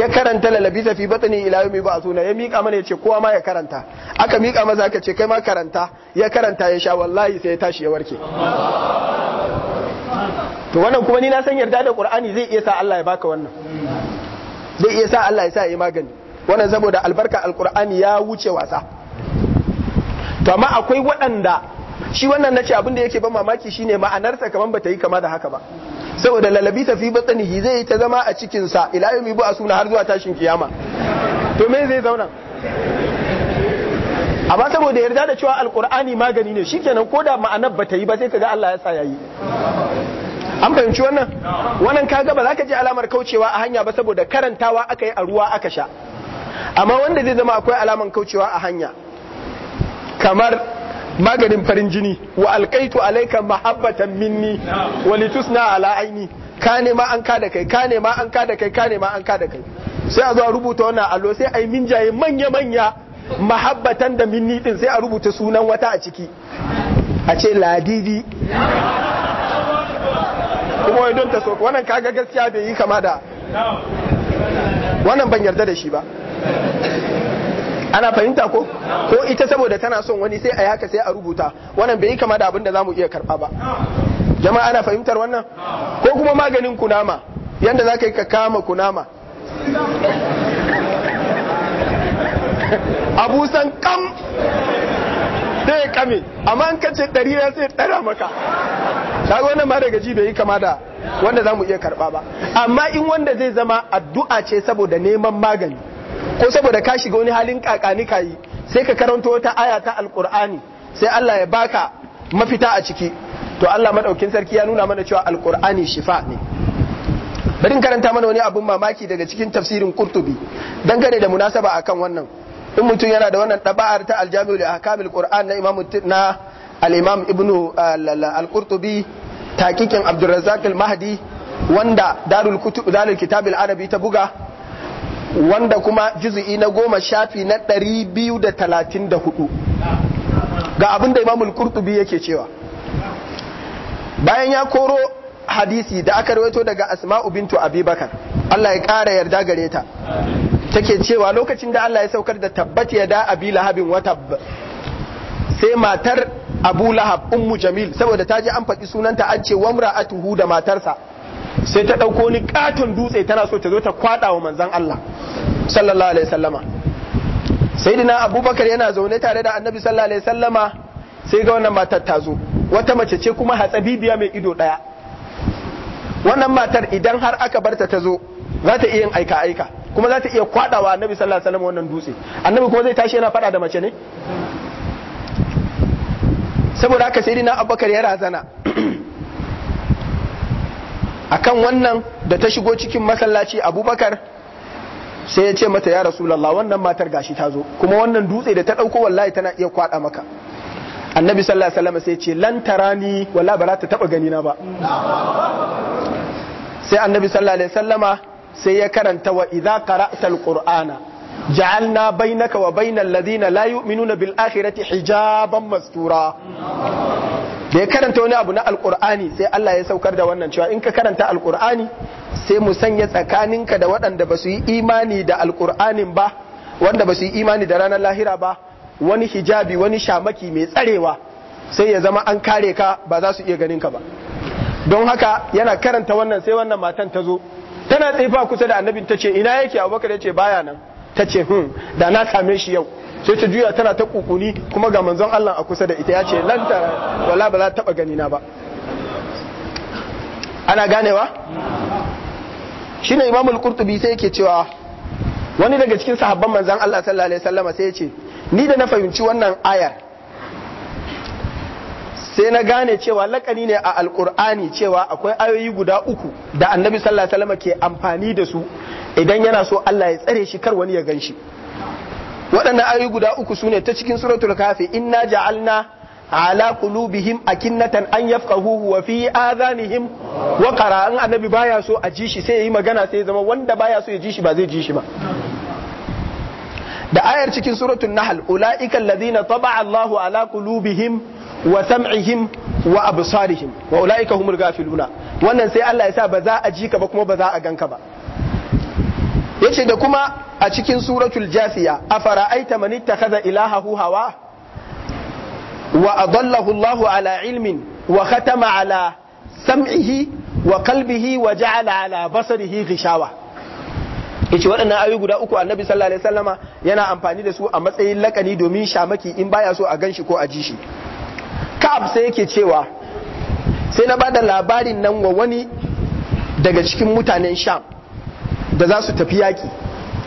ya karanta lalabi tafi batani ilayu mai ba suna ya miƙa mana ya ce kowa ma ya karanta aka miƙa maza aka ce kai ma karanta ya karanta ya sha wallahi sai ya tashi ya warke to wannan kuma ni na san yarda da qur'ani zai iya sa Allah ya baka wannan zai iya sa Allah ya sa ya magani wannan saboda albarka alkur'ani ya wuce wasa to amma akwai waɗanda shi wannan nace abin da yake ban mamaki shine ma'anarsa kaman bata yi kama da haka ba saboda lalabi ta fi batsanihi zai yi ta zama a cikin sa ila yau bu asuna har zuwa tashin kiyama to me zai zauna amma saboda yarda da cewa alkur'ani magani ne shikenan ko da ma'anar bata yi ba sai kaga Allah ya sa yayi an fahimci wannan wannan ka gaba za ka ji alamar kaucewa a hanya ba saboda karantawa aka yi a ruwa aka sha amma wanda zai zama akwai alamar kaucewa a hanya kamar maganin farin jini wa alkaitu alaika mahabbatan minni wa litusna ala aini ka ne ma an kada kai ka ne ma an kada kai ka ne ma an kada kai sai a zo a rubuta wannan allo sai a yi minjaye manya manya mahabbatan da minni din sai a rubuta sunan wata a ciki a ce ladidi kuma wani don ta so wannan kaga gaskiya bai yi kama da wannan ban yarda da shi ba ana fahimta ko ko ita saboda tana son wani sai a yi haka sai a rubuta wannan bai yi kama da abin da zamu iya karba ba jama'a ana fahimtar wannan ko kuma maganin kunama yanda za ka yi ka kama kunama abusan kam sai kame amma an kace ɗari ya sai ɗara maka kaga wannan ma daga ji bai kama da wanda zamu iya karba ba amma in wanda zai zama addu'a ce saboda neman magani ko saboda ka shiga wani halin kakani kai sai ka karanto wata aya ta alqur'ani sai Allah ya baka mafita a ciki to Allah madaukin sarki ya nuna mana cewa alqur'ani shifa ne bari in karanta mana wani abun mamaki daga cikin tafsirin qurtubi dangane da munasaba akan wannan in mutum yana da wannan ɗaba'ar ta aljami'ul ahkamil qur'an na imamu na Alimam imam ibnu al-qurtubi takikin abdurrazzaq al-mahdi wanda darul kutub kitab al-arabi ta buga wanda kuma juz'i na goma shafi na 234 ga abin da imam al-qurtubi yake cewa bayan ya koro hadisi da aka rawaito daga asma'u bintu abubakar Allah ya ƙara yarda gare ta take cewa lokacin da Allah ya saukar da tabbati ya da abi lahabin watab sai matar abu lahab ummu jamil saboda ta ji an faɗi sunanta an ce wamra tuhu da matarsa sai ta ɗauko ni katon dutse tana so ta zo ta kwaɗa wa manzan Allah sallallahu alaihi sallama sayyidina abubakar yana zaune tare da annabi sallallahu alaihi sallama sai ga wannan matar ta zo wata mace ce kuma hatsabibiya mai ido ɗaya wannan matar idan har aka barta ta zo za ta iya yin aika aika kuma za ta iya kwaɗawa annabi sallallahu alaihi sallama wannan dutse annabi kuma zai tashi yana faɗa da mace ne saboda haka sai dina abubakar ya razana akan wannan da ta shigo cikin masallaci abubakar sai ya ce mata ya rasulallah wannan matar gashi ta zo kuma wannan dutse da ta ɗauko wallahi tana iya kwaɗa maka annabi sallallahu alaihi wasallam sai ce lan tarani wala ba za ta taba gani na ba sai annabi sallallahu alaihi sai ya karanta wa idza Kur'ana. جعلنا bainaka wa الذين ladina يؤمنون بالآخرة حجابا مستورا hijaban mastura da ya karanta wani abu na alkur'ani sai Allah ya saukar da wannan cewa in ka karanta alkur'ani sai mu sanya tsakaninka da waɗanda ba su yi imani da alkur'anin ba wanda ba su yi imani da ranar lahira ba wani hijabi wani shamaki mai tsarewa sai ya zama an kare ka ba za su iya ganin ka ba don haka yana karanta wannan sai wannan matan ta zo tana tsifa kusa da annabin ta ce ina yake abubakar ya ce baya nan ta ce hun hmm, da na same shi yau sai ta juya tana ta kukuni kuma ga manzon Allah a kusa da ita ya ce wala ba za ta taba gani na ba ana ganewa shine imamul qurtubi sai yake cewa wani daga cikin sahabban manzon Allah sallallahu alaihi wasallama sai ya ni da na fahimci wannan ayar sai na gane cewa lakani ne a alkur'ani cewa akwai ayoyi guda uku da annabi sallallahu alaihi wasallam ke amfani da su idan yana so Allah ya tsare shi kar wani ya gan shi waɗannan ayoyi guda uku su ne ta cikin suratul kafi inna ja'alna ala qulubihim akinnatan an yafqahuhu wa fi adhanihim wa qara an annabi baya so a ji shi sai yayi magana sai ya zama wanda baya so ya ji shi ba zai ji shi ba da ayar cikin suratul nahl ulaika alladhina taba Allahu ala qulubihim wa sam'ihim wa absarihim wa ulaika humul ghafiluna wannan sai Allah ya sa ba za a ji ka ba kuma ba za a ganka ba yace da kuma a cikin suratul jafiya afara'aita man ittakhadha ilahahu hawa wa adallahu Allahu ala ilmin wa khatama ala sam'ihi wa kalbihi wa ja'ala ala basarihi ghishawa yace waɗannan ayoyi guda uku annabi sallallahu alaihi wasallama yana amfani da su a matsayin lakani domin shamaki in baya so a ganshi ko a ji shi ka'ab sai yake cewa sai na bada labarin nan wa wani daga cikin mutanen sham da za su tafi yaƙi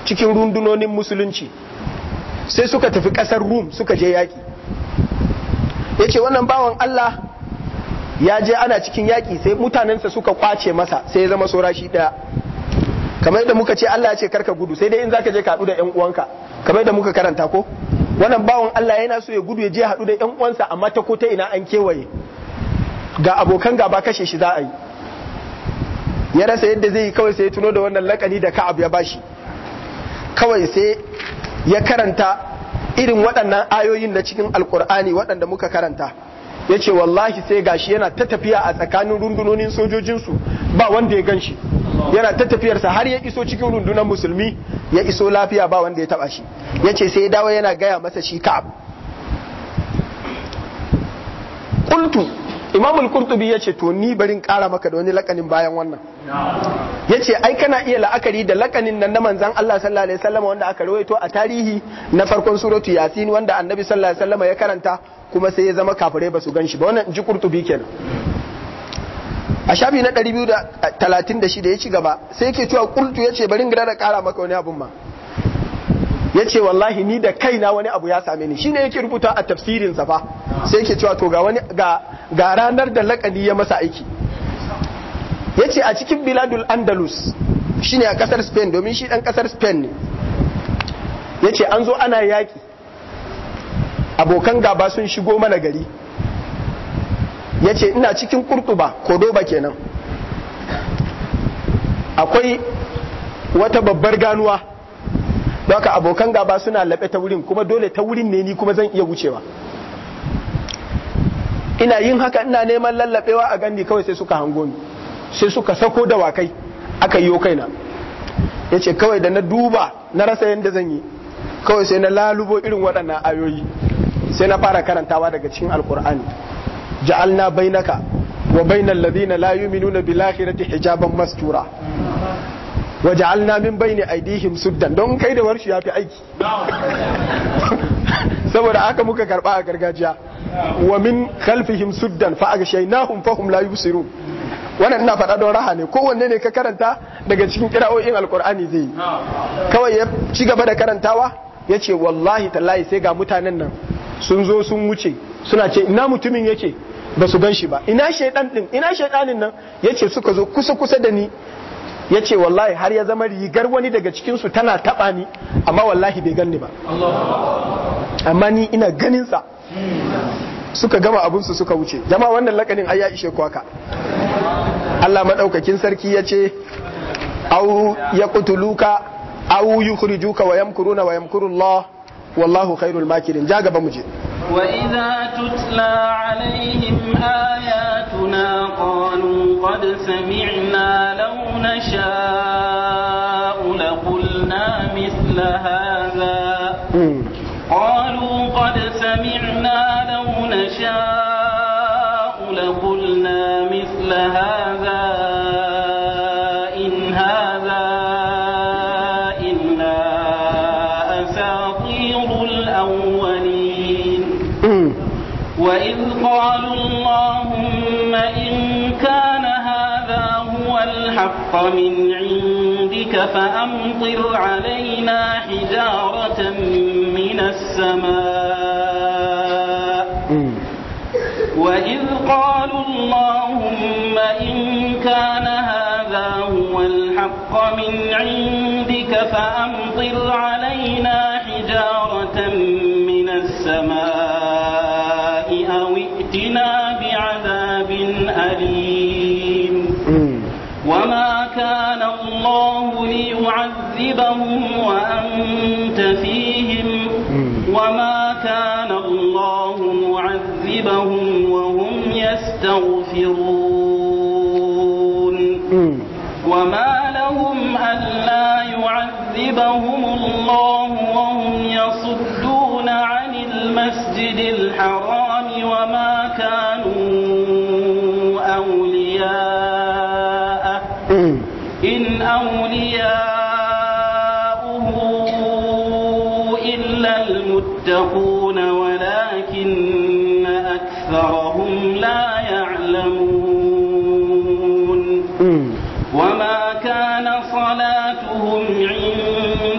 cikin rundunonin musulunci sai suka tafi ƙasar rum suka je yaƙi ya ce wannan bawan allah ya je ana cikin yaƙi sai mutanensa suka kwace masa sai ya zama saura shi ɗaya kamar yadda muka ce allah ya ce karka gudu sai dai in zaka je ka haɗu da yan uwanka kamar yadda muka karanta ko wannan bawan allah yana so ya gudu ya je haɗu da yan uwansa amma ta ko ta ina an kewaye ga abokan gaba kashe shi za a yi ya rasa yadda zai yi kawai sai tuno da wannan lakani da ka'ab ya bashi kawai sai ya karanta irin waɗannan ayoyin da cikin alkur'ani waɗanda muka karanta ya ce wallahi sai gashi yana ta tafiya a tsakanin rundunonin sojojinsu ba wanda ya ganshi yana ta tafiyarsa har ya iso cikin rundunar musulmi ya iso lafiya ba wanda ya taba shi ya ce sai dawa yana gaya masa shi ka'ab kultu imamul kurtubi ya ce to ni barin kara maka da wani lakanin bayan wannan ya ce ai kana iya la'akari da lakanin nan na manzan Allah sallallahu alaihi wasallam wanda aka rawaito a tarihi na farkon suratu yasin wanda annabi sallallahu alaihi wasallam ya karanta kuma sai ya zama kafirai ba su gan shi ba wannan ji kurtubi kenan a shafi na 236 ya ci gaba sai yake cewa kurtu ya ce barin gida da kara maka wani abun ma ya ce wallahi ni da kaina wani abu ya same ni shine yake rubuta a tafsirinsa fa sai yake cewa to ga ranar da lakani ya masa aiki ya ce a cikin biladul andalus shine a kasar spain domin shi dan kasar spain ne ya ce an zo ana yaƙi abokan gaba sun shigo mana gari ya ce ina cikin kurtuba kodoba kenan akwai wata babbar ganuwa don haka abokan gaba suna laɓe ta wurin kuma dole ta wurin ne ni kuma zan iya wucewa ina yin haka ina neman lallaɓewa a gandi kawai sai suka hango ni sai suka sako da wakai aka yi kaina ya ce kawai da na duba na rasa yadda zan yi kawai sai na lalubo irin waɗannan ayoyi sai na fara karantawa daga cikin alkur'ani ja'alna bainaka wa bainal ladina la yu'minuna bil akhirati hijaban mastura Waje alna min bai ne aidihim suddan don kai da warshi fi aiki saboda aka muka karba a gargajiya wa min khalfihim suddan fa na fahum layu yubsirun wannan ina faɗa don raha ne kowanne ne ka karanta daga cikin kira'o'in alkur'ani zai kawai ya ci gaba da karantawa ya ce wallahi tallahi sai ga mutanen nan sun zo sun wuce suna ce ina mutumin yake ba su gan shi ba ina shaidan ina shaidanin nan ya ce suka zo kusa kusa da ni ya ce wallahi har ya zama rigar wani daga cikinsu tana taɓa ni amma wallahi bai ganni ba amma ni ina ganinsa suka gama abinsu suka wuce jama wannan lakanin ai ya ishe kwaka Allah maɗaukakin sarki ya ce au ya kutuluka au yukhrijuka wa yamkuruna wa yamkurullah wallahu khairul makirin ja gaba mu je وإذا تتلى عليهم آياتنا قالوا قد سمعنا لو نشاء لقلنا مثل هذا قالوا قد سمعنا لو نشاء الحق من عندك فأمطر علينا حجارة من السماء وإذ قالوا اللهم إن كان هذا هو الحق من عندك فأمطر علينا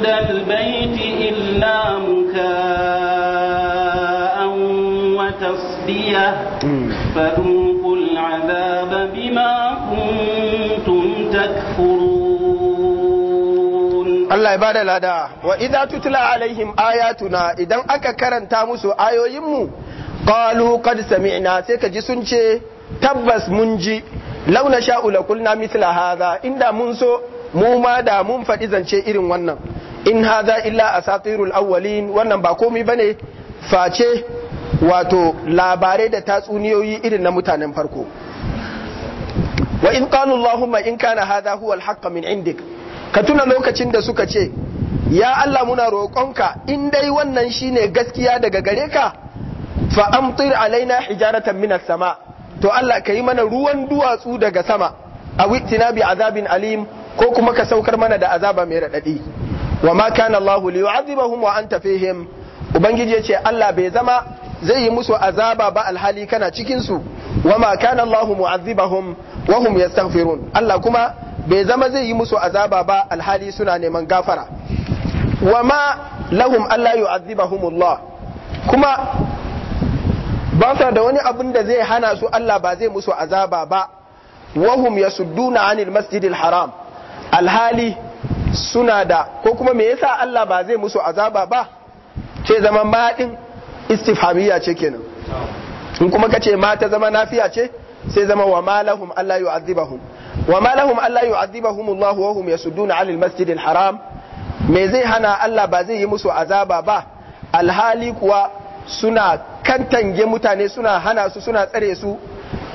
عند البيت إلا مكاء وتصدية فذوقوا العذاب بما كنتم تكفرون الله يبارك لنا وإذا تتلى عليهم آياتنا إذا أكا كرنتا مسو آيو يمو qalu qad sami'na sai ka ji sun ce tabbas mun ji launa sha'ula la kulna mithla hadha inda mun so mu ma da mun faɗi zance irin wannan in haza illa asatirul awwalin wannan ba komai bane face wato labarai da tatsuniyoyi irin na mutanen farko wa in qalu allahumma in kana haza huwa alhaqqa min indik ka tuna lokacin da suka ce ya Allah muna roƙonka in dai wannan shine gaskiya daga gare ka fa amtir alaina hijaratan minas sama to Allah ka yi mana ruwan duwatsu daga sama a witina bi azabin alim ko kuma ka saukar mana da azaba mai raɗaɗi wa ma kana Allahu li yu'adhibahum wa anta fihim ubangiji yace Allah bai zama zai yi musu azaba ba alhali kana cikin su wa ma kana Allahu mu'adhibahum wa hum yastaghfirun Allah kuma bai zama zai yi musu azaba ba alhali suna neman gafara wa ma lahum alla yu'adhibahum Allah kuma ba sa da wani abin da zai hana su Allah ba zai musu azaba ba wahum yasudduna anil masjidil haram alhali suna da ko kuma me yasa Allah ba zai musu azaba ba ce zama ma din istifhamiyya ce kenan in kuma kace mata mata zama nafiya ce sai zama wa malahum Allah yu'adhibahum wa malahum Allah yu'adhibahum Allah wa hum al-masjid al haram me zai hana Allah ba zai yi musu azaba ba alhali kuwa suna kantange mutane suna hana su suna tsare su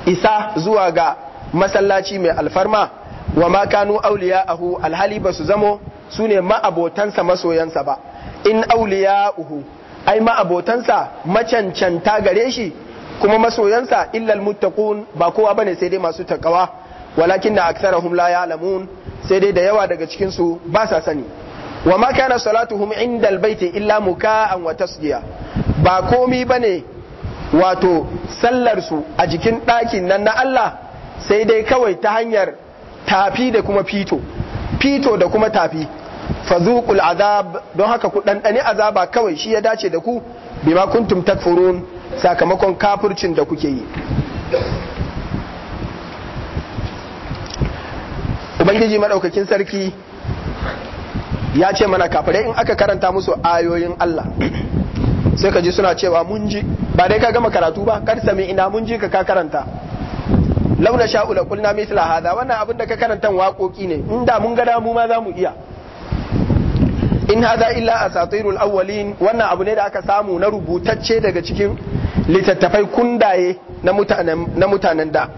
isa zuwa ga masallaci mai alfarma wa ma kanu awliya'ahu alhali basu zamo su sune ma'abotansa masoyansa ba in uhu ai ma'abotansa macancanta gare shi kuma masoyansa illal muttaqun ba kowa bane sai dai masu takawa walakin na aktsarahum la ya'lamun sai dai da yawa daga cikin su ba sa sani wa ma kana salatuhum indal baiti illa muka'an wa tasdiya ba komi bane wato sallar su a jikin ɗakin nan na Allah sai dai kawai ta hanyar tafi da kuma fito fito da kuma tafi fazuqul azab don haka ku ɗanɗani azaba kawai shi ya dace da ku bima kuntum takfurun sakamakon kafircin da kuke yi ubangiji madaukakin sarki ya ce mana kafirai in aka karanta musu ayoyin Allah sai ka ji suna cewa mun ji ba dai ka gama karatu ba kar sami ina mun ji ka ka karanta launa sha'ula kulna misla mithla haza wannan abin da ka karanta waƙoƙi ne inda mun ga damu ma zamu iya in haza illa asatirul awwalin wannan abu ne da aka samu na rubutacce daga cikin litattafai kundaye na mutanen na mutanen da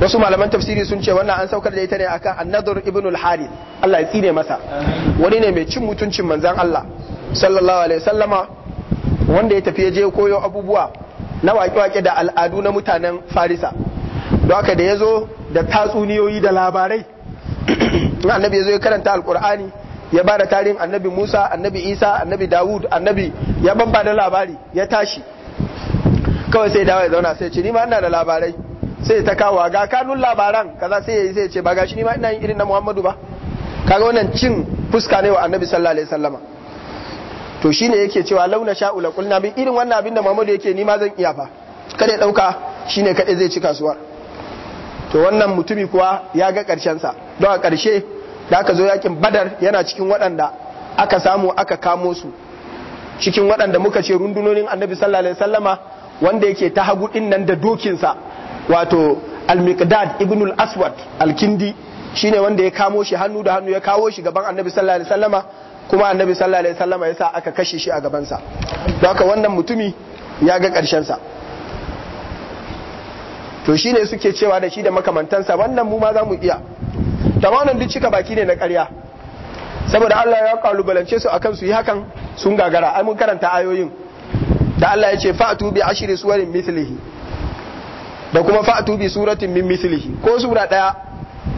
wasu malaman tafsiri sun ce wannan an saukar da ita ne akan annadur ibn al-harith Allah ya tsine masa wani ne mai cin mutuncin manzon Allah sallallahu alaihi wasallama wanda ya tafi ya je koyo abubuwa na waƙe-waƙe da al'adu na mutanen farisa don haka da ya zo da tatsuniyoyi da labarai annabi ya zo ya karanta alkur'ani ya ba da tarihin annabi musa annabi isa annabi dawud annabi ya babba da labari ya tashi kawai sai dawa ya zauna sai ce nima ina da labarai sai ta kawo ga kanun labaran kaza sai ya yi sai ce ba gashi shi nima ina yin irin na muhammadu ba kaga wannan cin fuska ne wa annabi sallallahu alaihi wasallama to shine yake cewa launa sha'ula kulna bi irin wannan abin da Muhammadu yake ni zan iya fa kada ya dauka shine kada zai ci kasuwar to wannan mutumi kuwa ya ga karshen sa don a karshe da aka zo yakin Badar yana cikin waɗanda aka samu aka kamo su cikin waɗanda muka ce rundunonin Annabi sallallahu alaihi wasallama wanda yake ta hagu din nan da dokinsa wato al-miqdad ibn al-aswad al-kindi shine wanda ya kamo shi hannu da hannu ya kawo shi gaban annabi sallallahu alaihi wasallama kuma annabi sallallahu alaihi wasallam yasa aka kashe shi a gabansa don haka wannan mutumi ya ga karshen sa to shine suke cewa da shi da makamantansa wannan mu ma za mu iya tamanan duk cika baki ne na ƙarya saboda Allah ya kalubalance su akan su yi hakan sun gagara ai mun karanta ayoyin da Allah ya ce fa'tu bi ashri suwarin mithlihi da kuma fa'tu bi suratin min mithlihi ko sura daya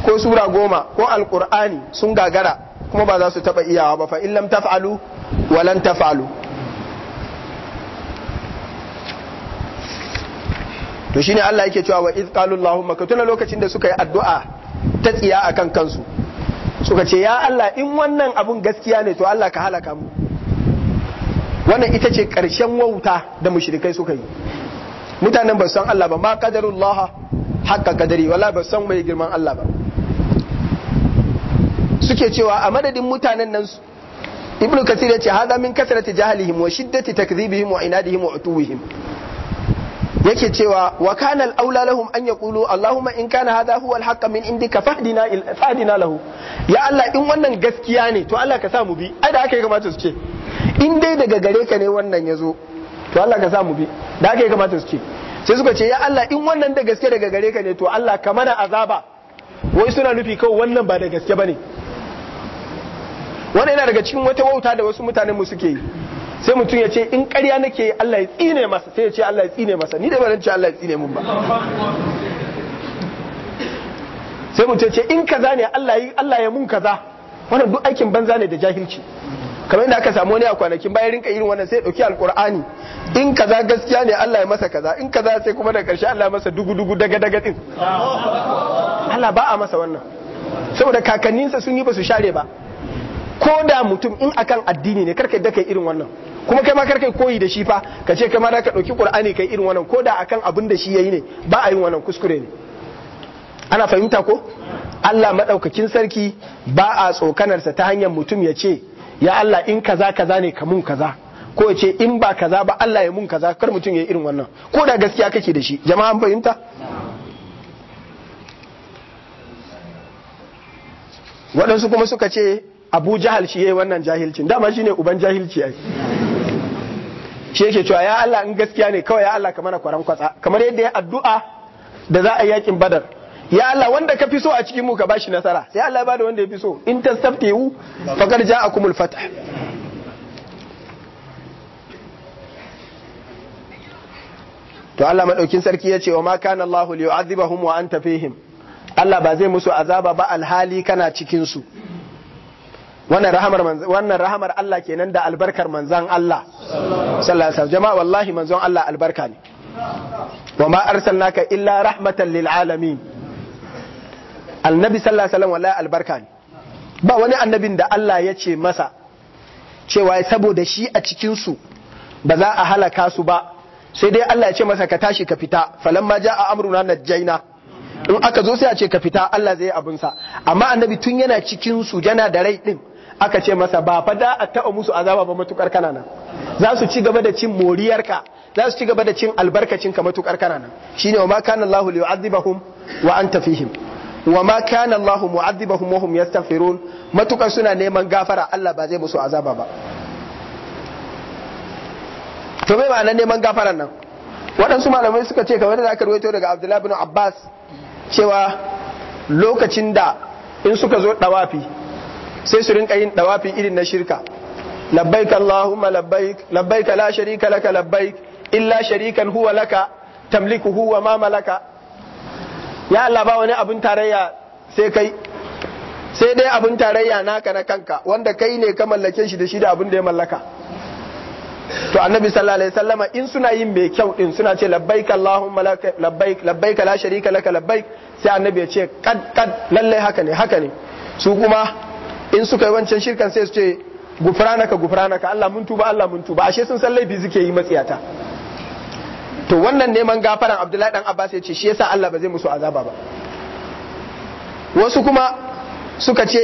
ko sura goma ko alqur'ani sun gagara kuma ba za su taba iyawa ba fa in taf'alu wa lan taf'alu to shine Allah yake cewa wa iz qalu allahumma ka tuna lokacin da suka yi addu'a ta tsiya akan kansu suka ce ya Allah in wannan abun gaskiya ne to Allah ka halaka mu wannan ita ce ƙarshen wauta da mushrikai suka yi mutanen ba san Allah ba ma qadarullah haqqa qadari wala ba san mai girman Allah ba suke cewa a madadin mutanen nan su ibnu kasir ya ce hada min kasrati jahlihim wa shiddati takdhibihim wa inadihim wa utuwihim yake cewa wa kana al-aula lahum an yaqulu allahumma in kana hadha huwa al-haqq min indika fahdina fahdina lahu ya allah in wannan gaskiya ne to allah ka sa mu bi ai da haka ya kamata su ce in dai daga gare ka ne wannan yazo to allah ka sa mu bi da haka ya kamata su ce sai suka ce ya allah in wannan da gaske daga gare ka ne to allah ka mana azaba wai suna nufi kawai wannan ba da gaske bane wani yana daga cikin wata wauta da wasu mutanen mu suke yi sai mutum ya ce in ƙarya nake Allah ya tsine masa sai ya ce Allah ya tsine masa ni da ba ce Allah ya tsine mun ba sai mutum ya ce in kaza ne Allah ya Allah ya mun kaza wannan duk aikin banza ne da jahilci kamar inda aka samu wani a kwanakin bayan rinka irin wannan sai dauki alqur'ani in kaza gaskiya ne Allah ya masa kaza in kaza sai kuma da karshe Allah ya masa dugu dugu daga daga din Allah ba a masa wannan saboda kakanninsa sun yi ba su share ba ko da mutum in akan addini ne karka yadda kai irin wannan kuma kai ma karka koyi da shi fa ka ce kai ma ka dauki qur'ani kai irin wannan ko da akan abin da shi yi ne ba a yin wannan kuskure ne ana fahimta ko Allah madaukakin sarki ba a tsokanarsa ta hanyar mutum ya ce ya Allah in kaza kaza ne ka mun kaza ko ya ce in ba kaza ba Allah ya mun kaza kar mutum ya yi irin wannan ko da gaskiya kake da shi jama'a an fahimta waɗansu kuma suka ce abu jahal shi yayi wannan jahilcin dama shine uban jahilci ai shi yake cewa ya Allah in gaskiya ne kawai ya Allah ka mana kwaran kwatsa kamar yadda ya addu'a da za a yakin badar ya Allah wanda ka fi so a cikin mu ka bashi nasara sai Allah ya bada wanda ya fi so in tastaftihu faqad ja'akumul fath to Allah madaukin sarki ya ce wa ma kana Allah liyu'adhibahum wa anta fihim Allah ba zai musu azaba ba alhali kana cikin su wannan rahamar wannan rahamar Allah kenan da albarkar manzan Allah sallallahu alaihi wasallam jama'a wallahi manzon Allah albarka ne wa ma arsalnaka illa rahmatan lil alamin annabi sallallahu alaihi wasallam wallahi albarka ne ba wani annabin da Allah ya ce masa cewa saboda shi a cikin su ba za a halaka su ba sai dai Allah ya ce masa ka tashi ka fita falamma ja'a amruna najjaina in aka zo sai a ce ka fita Allah zai abin sa amma annabi tun yana cikin su yana da rai din aka ce masa ba fa da a taɓa musu azaba ba matukar kanana za su ci gaba da cin moriyarka za su ci gaba da cin albarkacin ka matukar kanana shine wa ma kana Allahu liyu'adhibahum wa anta fihim wa ma kana Allahu mu'adhibahum wa hum yastaghfirun matukar suna neman gafara Allah ba zai musu azaba ba to me ma'anar neman gafaran nan waɗansu malamai suka ce kamar da aka ruwaito daga Abdullahi bin Abbas cewa lokacin da in suka zo dawafi sai su rinka yin dawafi irin na shirka labbaik allahumma labbaik labbaik la sharika laka labbaik illa sharikan huwa laka tamliku huwa ma malaka ya Allah ba wani abun tarayya sai kai sai dai abun tarayya naka na kanka wanda kai ne ka mallake shi da shi da abun da ya mallaka to annabi sallallahu alaihi wasallama in suna yin mai kyau din suna ce labbaik allahumma labbaik labbaik la sharika laka labbaik sai annabi ya ce kad kad lalle haka ne haka ne su kuma in suka yi wancan shirkan sai su ce gufranaka gufranaka Allah mun tuba Allah mun tuba ashe sun san laifi suke yi matsiyata to wannan neman gafaran Abdullahi dan Abbas ya ce shi yasa Allah ba zai musu azaba ba wasu kuma suka ce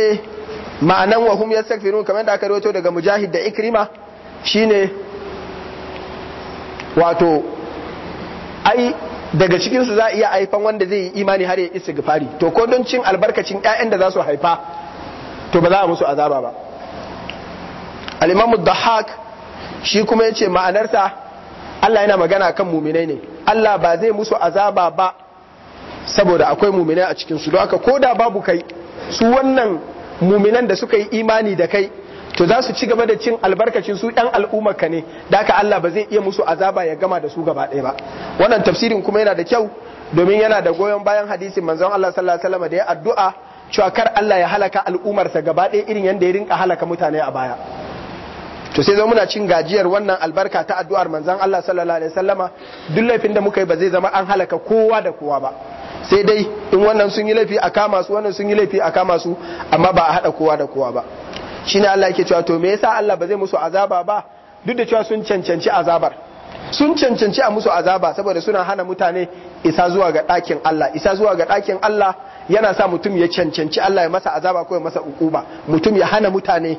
ma'anan wa hum yastaghfirun kamar da aka rawaito daga Mujahid da Ikrima shine wato ai daga cikinsu za a iya haifan wanda zai yi imani har ya isa gifari to ko don cin albarkacin 'ya'yan da za su haifa to ba za a musu azaba ba al dahak shi kuma yace ma'anarsa Allah yana magana kan muminai ne Allah ba zai musu azaba ba saboda akwai muminai a cikin su don koda babu kai su wannan muminan da suka yi imani da kai to za su ci gaba da cin albarkacin su ɗan ka ne da aka Allah ba zai iya musu azaba ya gama da su gaba ɗaya ba wannan tafsirin kuma yana da kyau domin yana da goyon bayan hadisin manzon Allah sallallahu alaihi wasallam da ya addu'a cewa kar Allah ya halaka al'ummarsa gaba ɗaya irin yadda ya rinka halaka mutane a baya to sai muna cin gajiyar wannan albarka ta addu'ar manzon Allah sallallahu alaihi wasallama duk laifin da muka yi ba zai zama an halaka kowa da kowa ba sai dai in wannan sun yi laifi a kama su wannan sun yi laifi a kama su amma ba a haɗa kowa da kowa ba shine Allah yake cewa to me yasa Allah ba zai musu azaba ba duk da cewa sun cancanci azabar sun cancanci a musu azaba saboda suna hana mutane isa zuwa ga ɗakin Allah isa zuwa ga ɗakin Allah yana sa mutum ya cancanci Allah ya masa azaba ko ya masa ukuba mutum ya hana mutane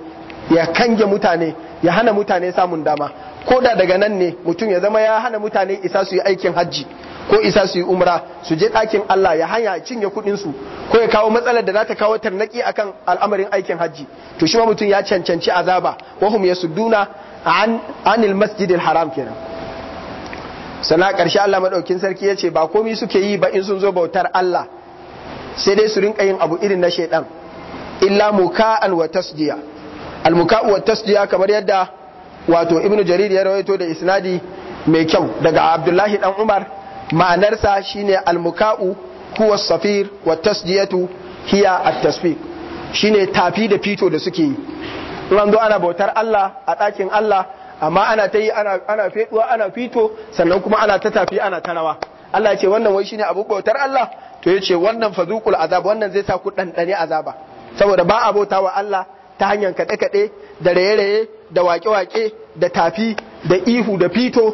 ya kange mutane ya hana mutane samun dama ko da daga nan ne mutum ya zama ya hana mutane isa su yi aikin hajji ko isa su yi umra su je ɗakin Allah ya hanya cinye kuɗin su ko ya kawo matsalar da za ta kawo tarnaki akan al'amarin aikin hajji to shi ma mutum ya cancanci azaba wahum yasudduna an anil masjidil haram kenan sana ƙarshe Allah maɗaukin sarki ya ce ba komi suke yi ba in sun zo bautar Allah sai dai su rinƙa yin abu irin na shaidan illa muka'an wa tasdiya al muka'u wa tasdiya kamar yadda wato ibnu jarir ya rawaito da isnadi mai kyau daga abdullahi ɗan umar ma'anarsa shine al muka'u huwa safir wa tasdiyatu hiya at tasfiq shine tafi da fito da suke yi in ana bautar Allah a ɗakin Allah amma ana ta yi ana feduwa ana fito sannan kuma ana ta tafi ana ta rawa Allah ya ce wannan wai shine abu bautar Allah to ya ce wannan fazuqul azab wannan zai sa ku dandane azaba saboda ba a wa Allah ta hanyar kaɗe kaɗe da raye-raye da waƙe-waƙe da tafi da ihu da fito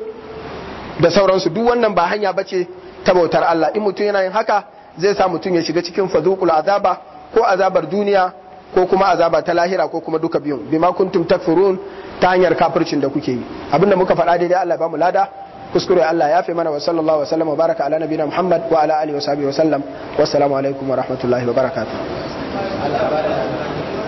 da sauransu duk wannan ba hanya bace ta bautar Allah in mutum yana yin haka zai sa mutum ya shiga cikin fazuqul azaba ko azabar duniya ko kuma azaba ta lahira ko kuma duka biyun bima kuntum takfurun ta hanyar kafircin da kuke yi abinda muka faɗa daidai Allah ba mu lada kuskure Allah ya fi mana wa sallallahu wa sallam baraka ala nabiyina Muhammad wa ala alihi wa sahbihi wa sallam assalamu alaikum wa rahmatullahi wa barakatuh